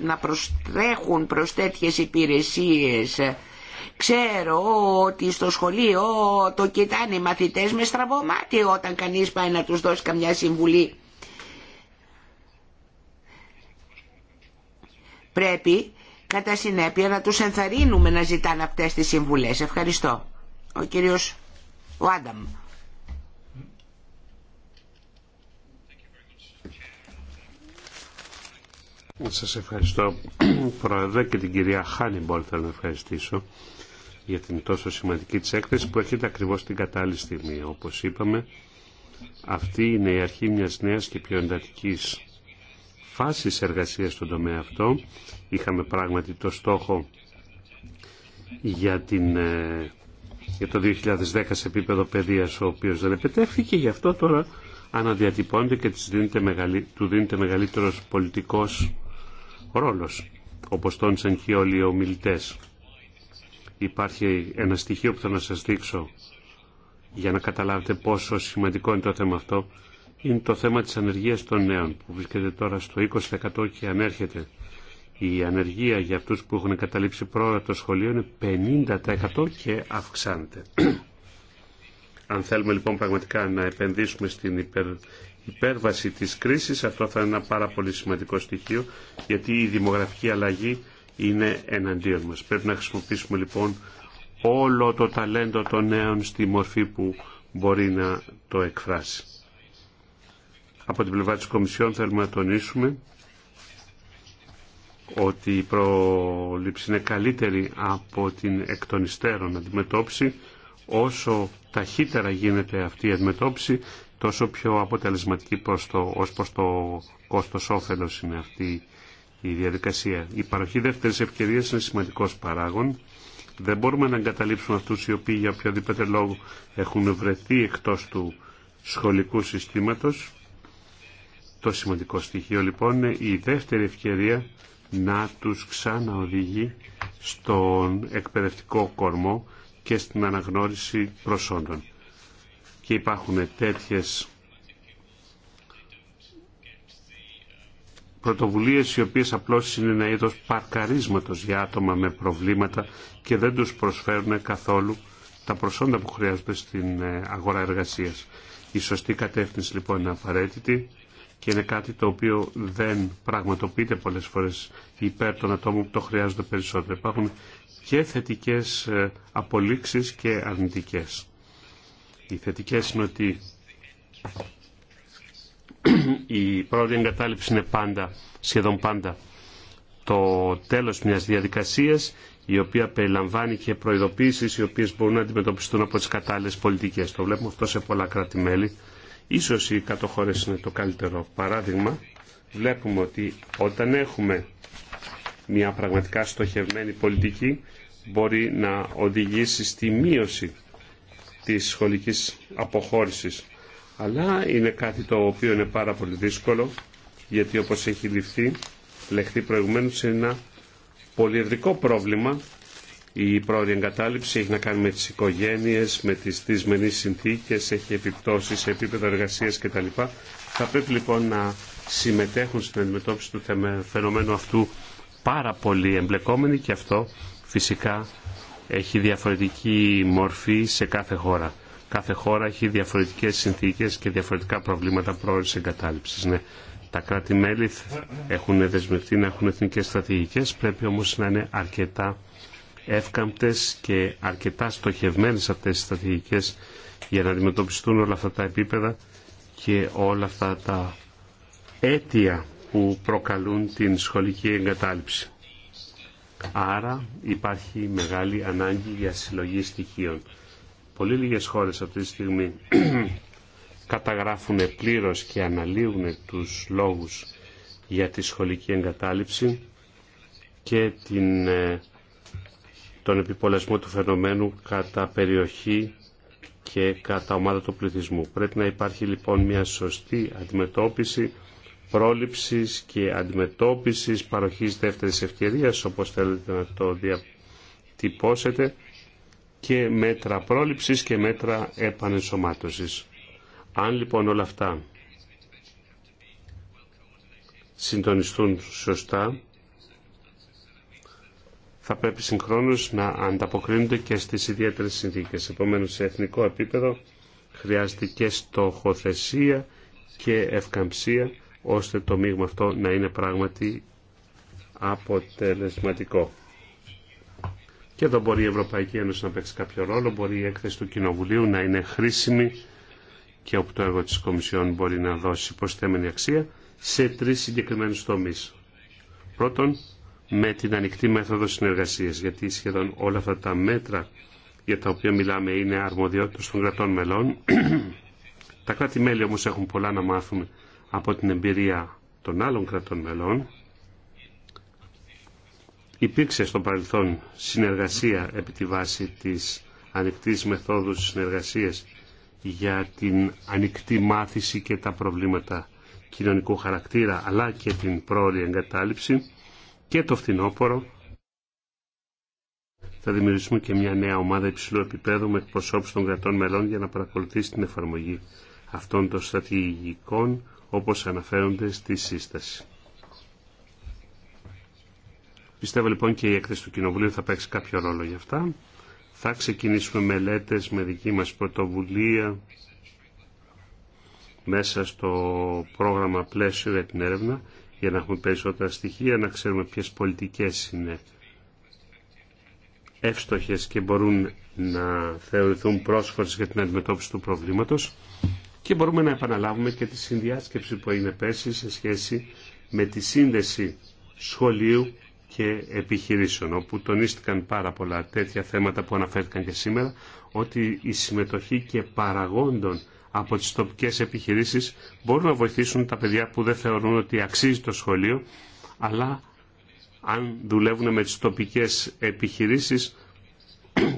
να προστρέχουν προς τέτοιες υπηρεσίες Ξέρω ότι στο σχολείο το κοιτάνε οι μαθητές με στραβό μάτι όταν κανείς πάει να τους δώσει καμιά συμβουλή. Πρέπει κατά συνέπεια να τους ενθαρρύνουμε να ζητάνε αυτές τις συμβουλές. Ευχαριστώ. Ο κύριος ο Άνταμ. Σας ευχαριστώ *clears throat* Πρόεδρε και την κυρία Χάνιμπολ θέλω να ευχαριστήσω για την τόσο σημαντική της έκθεση που έρχεται ακριβώς την κατάλληλη στιγμή. Όπως είπαμε, αυτή είναι η αρχή μιας νέας και πιο εντατικής φάσης εργασίας στον τομέα αυτό. Είχαμε πράγματι το στόχο για, την, ε, για το 2010 σε επίπεδο παιδείας, ο οποίος δεν επιτεύχθηκε, γι' αυτό τώρα αναδιατυπώνεται και του δίνεται μεγαλύτερος πολιτικός ρόλος, όπως τόνισαν και όλοι οι ομιλητές. Υπάρχει ένα στοιχείο που θέλω να σας δείξω για να καταλάβετε πόσο σημαντικό είναι το θέμα αυτό. Είναι το θέμα της ανεργίας των νέων που βρίσκεται τώρα στο 20% και ανέρχεται. Η ανεργία για αυτούς που έχουν καταλήψει πρόωρα το σχολείο είναι 50% και αυξάνεται. Αν θέλουμε λοιπόν πραγματικά να επενδύσουμε στην υπερ... υπέρβαση της κρίσης, αυτό θα είναι ένα πάρα πολύ σημαντικό στοιχείο, γιατί η δημογραφική αλλαγή είναι εναντίον μας. Πρέπει να χρησιμοποιήσουμε λοιπόν όλο το ταλέντο των νέων στη μορφή που μπορεί να το εκφράσει. Από την πλευρά της Κομισιόν θέλουμε να τονίσουμε ότι η προλήψη είναι καλύτερη από την εκ των υστέρων αντιμετώπιση. Όσο ταχύτερα γίνεται αυτή η αντιμετώπιση, τόσο πιο αποτελεσματική προς το, ως προς το κόστος όφελος είναι αυτή η διαδικασία. Η παροχή δεύτερη ευκαιρία είναι σημαντικό παράγον. Δεν μπορούμε να εγκαταλείψουμε αυτού οι οποίοι για οποιοδήποτε λόγο έχουν βρεθεί εκτό του σχολικού συστήματο. Το σημαντικό στοιχείο λοιπόν είναι η δεύτερη ευκαιρία να τους ξαναοδηγεί στον εκπαιδευτικό κορμό και στην αναγνώριση προσόντων. Και υπάρχουν τέτοιες πρωτοβουλίες οι οποίες απλώς είναι ένα είδος παρκαρίσματος για άτομα με προβλήματα και δεν τους προσφέρουν καθόλου τα προσόντα που χρειάζονται στην ε, αγορά εργασίας. Η σωστή κατεύθυνση λοιπόν είναι απαραίτητη και είναι κάτι το οποίο δεν πραγματοποιείται πολλές φορές υπέρ των ατόμων που το χρειάζονται περισσότερο. Υπάρχουν και θετικές ε, απολύξεις και αρνητικές. Οι θετικές είναι ότι η πρώτη εγκατάλειψη είναι πάντα, σχεδόν πάντα το τέλος μιας διαδικασίας η οποία περιλαμβάνει και προειδοποίησεις οι οποίες μπορούν να αντιμετωπιστούν από τις κατάλληλες πολιτικές. Το βλέπουμε αυτό σε πολλά κράτη-μέλη. Ίσως οι κατοχώρες είναι το καλύτερο παράδειγμα. Βλέπουμε ότι όταν έχουμε μια πραγματικά στοχευμένη πολιτική μπορεί να οδηγήσει στη μείωση της σχολικής αποχώρησης αλλά είναι κάτι το οποίο είναι πάρα πολύ δύσκολο γιατί όπως έχει ληφθεί, λεχθεί προηγουμένως είναι ένα πολυεδρικό πρόβλημα η πρώτη εγκατάλειψη έχει να κάνει με τις οικογένειες, με τις δυσμενείς συνθήκες, έχει επιπτώσεις σε επίπεδο εργασίας κτλ. Θα πρέπει λοιπόν να συμμετέχουν στην αντιμετώπιση του φαινομένου αυτού πάρα πολύ εμπλεκόμενοι και αυτό φυσικά έχει διαφορετική μορφή σε κάθε χώρα κάθε χώρα έχει διαφορετικές συνθήκες και διαφορετικά προβλήματα πρόορης εγκατάλειψης. Ναι. Τα κράτη-μέλη έχουν δεσμευτεί να έχουν εθνικές στρατηγικές, πρέπει όμως να είναι αρκετά εύκαμπτες και αρκετά στοχευμένες αυτές οι στρατηγικές για να αντιμετωπιστούν όλα αυτά τα επίπεδα και όλα αυτά τα αίτια που προκαλούν την σχολική εγκατάλειψη. Άρα υπάρχει μεγάλη ανάγκη για συλλογή στοιχείων. Πολύ λίγες χώρες αυτή τη στιγμή *clears throat* καταγράφουν πλήρως και αναλύουν τους λόγους για τη σχολική εγκατάληψη και την, ε, τον επιπολασμό του φαινομένου κατά περιοχή και κατά ομάδα του πληθυσμού. Πρέπει να υπάρχει λοιπόν μια σωστή αντιμετώπιση πρόληψης και αντιμετώπισης παροχής δεύτερης ευκαιρίας όπως θέλετε να το διατυπώσετε και μέτρα πρόληψης και μέτρα επανενσωμάτωσης. Αν λοιπόν όλα αυτά συντονιστούν σωστά, θα πρέπει συγχρόνως να ανταποκρίνονται και στις ιδιαίτερες συνθήκες. Επομένως, σε εθνικό επίπεδο χρειάζεται και στοχοθεσία και ευκαμψία, ώστε το μείγμα αυτό να είναι πράγματι αποτελεσματικό. Και εδώ μπορεί η Ευρωπαϊκή Ένωση να παίξει κάποιο ρόλο, μπορεί η έκθεση του Κοινοβουλίου να είναι χρήσιμη και όπου το έργο της Κομισιόν μπορεί να δώσει υποστέμενη αξία σε τρεις συγκεκριμένους τομείς. Πρώτον, με την ανοιχτή μέθοδο συνεργασίας, γιατί σχεδόν όλα αυτά τα μέτρα για τα οποία μιλάμε είναι αρμοδιότητα των κρατών μελών. τα κράτη-μέλη όμως έχουν πολλά να μάθουν από την εμπειρία των άλλων κρατών μελών Υπήρξε στο παρελθόν συνεργασία επί τη βάση της ανοιχτής μεθόδου συνεργασίας για την ανοιχτή μάθηση και τα προβλήματα κοινωνικού χαρακτήρα αλλά και την πρόορη εγκατάλειψη και το φθινόπωρο θα δημιουργήσουμε και μια νέα ομάδα υψηλού επίπεδου με εκπροσώπους των κρατών μελών για να παρακολουθήσει την εφαρμογή αυτών των στρατηγικών όπως αναφέρονται στη σύσταση. Πιστεύω λοιπόν και η έκθεση του Κοινοβουλίου θα παίξει κάποιο ρόλο για αυτά. Θα ξεκινήσουμε μελέτες με δική μας πρωτοβουλία μέσα στο πρόγραμμα πλαίσιο για την έρευνα για να έχουμε περισσότερα στοιχεία, να ξέρουμε ποιες πολιτικές είναι εύστοχες και μπορούν να θεωρηθούν πρόσφορες για την αντιμετώπιση του προβλήματος και μπορούμε να επαναλάβουμε και τη συνδιάσκεψη που έγινε πέρσι σε σχέση με τη σύνδεση σχολείου και επιχειρήσεων, όπου τονίστηκαν πάρα πολλά τέτοια θέματα που αναφέρθηκαν και σήμερα, ότι η συμμετοχή και παραγόντων από τις τοπικές επιχειρήσεις μπορούν να βοηθήσουν τα παιδιά που δεν θεωρούν ότι αξίζει το σχολείο, αλλά αν δουλεύουν με τις τοπικές επιχειρήσεις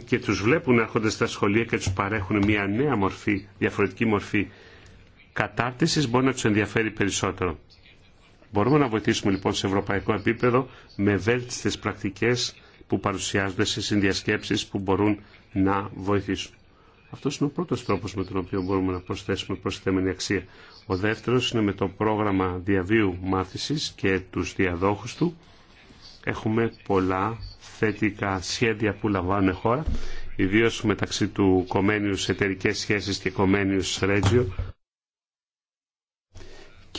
και τους βλέπουν έρχονται στα σχολεία και τους παρέχουν μια νέα μορφή, διαφορετική μορφή κατάρτισης, μπορεί να τους ενδιαφέρει περισσότερο. Μπορούμε να βοηθήσουμε λοιπόν σε ευρωπαϊκό επίπεδο με βέλτιστες πρακτικές που παρουσιάζονται σε συνδιασκέψεις που μπορούν να βοηθήσουν. Αυτός είναι ο πρώτος τρόπος με τον οποίο μπορούμε να προσθέσουμε προσθέμενη αξία. Ο δεύτερος είναι με το πρόγραμμα διαβίου μάθησης και τους διαδόχους του. Έχουμε πολλά θετικά σχέδια που λαμβάνουν χώρα, ιδίως μεταξύ του κομμένου Εταιρικές Σχέσεις και κομμένου Ρέτζιο,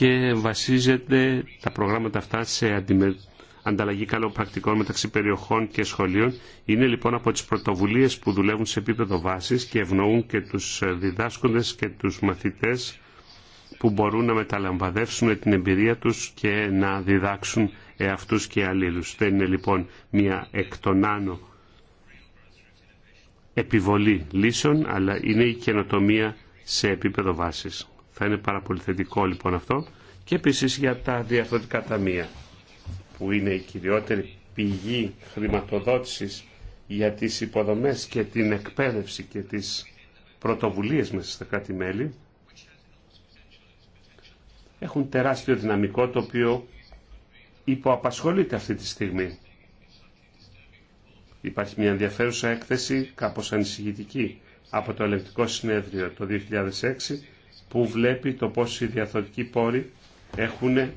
και βασίζεται τα προγράμματα αυτά σε αντιμε... ανταλλαγή καλών πρακτικών μεταξύ περιοχών και σχολείων. Είναι λοιπόν από τις πρωτοβουλίες που δουλεύουν σε επίπεδο βάσης και ευνοούν και τους διδάσκοντες και τους μαθητές που μπορούν να μεταλαμβαδεύσουν την εμπειρία τους και να διδάξουν εαυτούς και αλλήλους. Δεν είναι λοιπόν μια εκ των άνω επιβολή λύσεων, αλλά είναι η καινοτομία σε επίπεδο βάσης. Θα είναι πάρα πολύ θετικό λοιπόν αυτό. Και επίσης για τα διαφορετικά ταμεία που είναι η κυριότερη πηγή χρηματοδότησης για τις υποδομές και την εκπαίδευση και τις πρωτοβουλίες μέσα στα κράτη-μέλη έχουν τεράστιο δυναμικό το οποίο υποαπασχολείται αυτή τη στιγμή. Υπάρχει μια ενδιαφέρουσα έκθεση κάπως ανησυχητική από το Ελεκτικό Συνέδριο το 2006 που βλέπει το πώς οι διαθωτικοί πόροι έχουν *clears throat*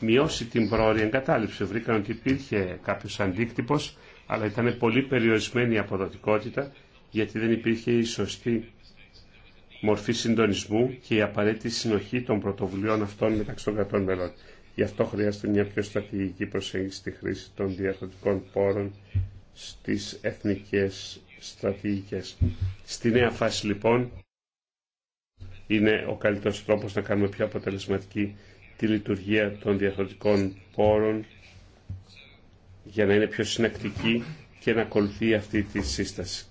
μειώσει την πρόορη εγκατάλειψη. Βρήκαν ότι υπήρχε κάποιος αντίκτυπος, αλλά ήταν πολύ περιορισμένη η αποδοτικότητα, γιατί δεν υπήρχε η σωστή μορφή συντονισμού και η απαραίτητη συνοχή των πρωτοβουλειών αυτών μεταξύ των κρατών μελών. Γι' αυτό χρειάζεται μια πιο στρατηγική προσέγγιση στη χρήση των διαθωτικών πόρων στις εθνικές στρατηγικές. Στη νέα φάση λοιπόν είναι ο καλύτερος τρόπος να κάνουμε πιο αποτελεσματική τη λειτουργία των διαφορετικών πόρων για να είναι πιο συνακτική και να ακολουθεί αυτή τη σύσταση.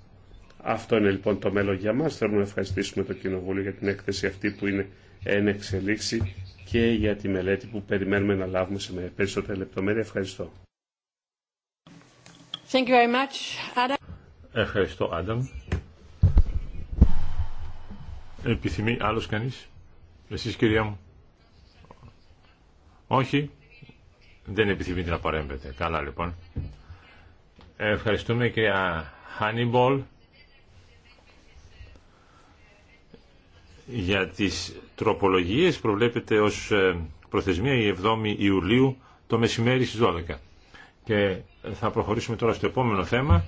Αυτό είναι λοιπόν το μέλλον για μας. Θέλουμε να ευχαριστήσουμε το Κοινοβούλιο για την έκθεση αυτή που είναι εν εξελίξη και για τη μελέτη που περιμένουμε να λάβουμε σε Περισσότερα λεπτομέρεια. Ευχαριστώ. Thank you very much, Adam. Ευχαριστώ, Άνταμ. Επιθυμεί άλλος κανείς. Εσείς κυρία μου. Όχι. Δεν επιθυμείτε να παρέμβετε. Καλά λοιπόν. Ευχαριστούμε κυρία Χάνιμπολ για τις τροπολογίες προβλέπεται ως ε, προθεσμία η 7η Ιουλίου το μεσημέρι στις 12. Και θα προχωρήσουμε τώρα στο επόμενο θέμα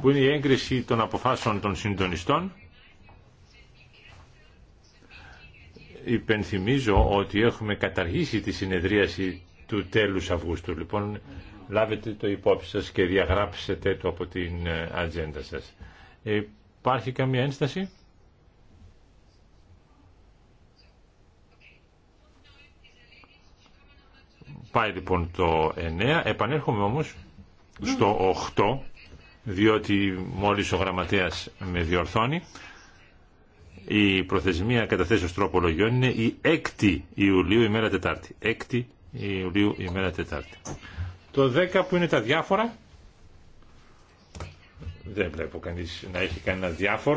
που είναι η έγκριση των αποφάσεων των συντονιστών υπενθυμίζω ότι έχουμε καταργήσει τη συνεδρίαση του τέλους Αυγούστου. Λοιπόν, λάβετε το υπόψη σας και διαγράψετε το από την ε, ατζέντα σας. Υπάρχει καμία ένσταση? Πάει λοιπόν το 9. Επανέρχομαι όμως στο 8, διότι μόλις ο γραμματέας με διορθώνει. Η προθεσμία καταθέσεως τροπολογιών είναι η 6η Ιουλίου ημέρα Τετάρτη. 6η Ιουλίου ημέρα Τετάρτη. Το 10 που είναι τα διάφορα. Δεν βλέπω κανείς να έχει κανένα διάφορο.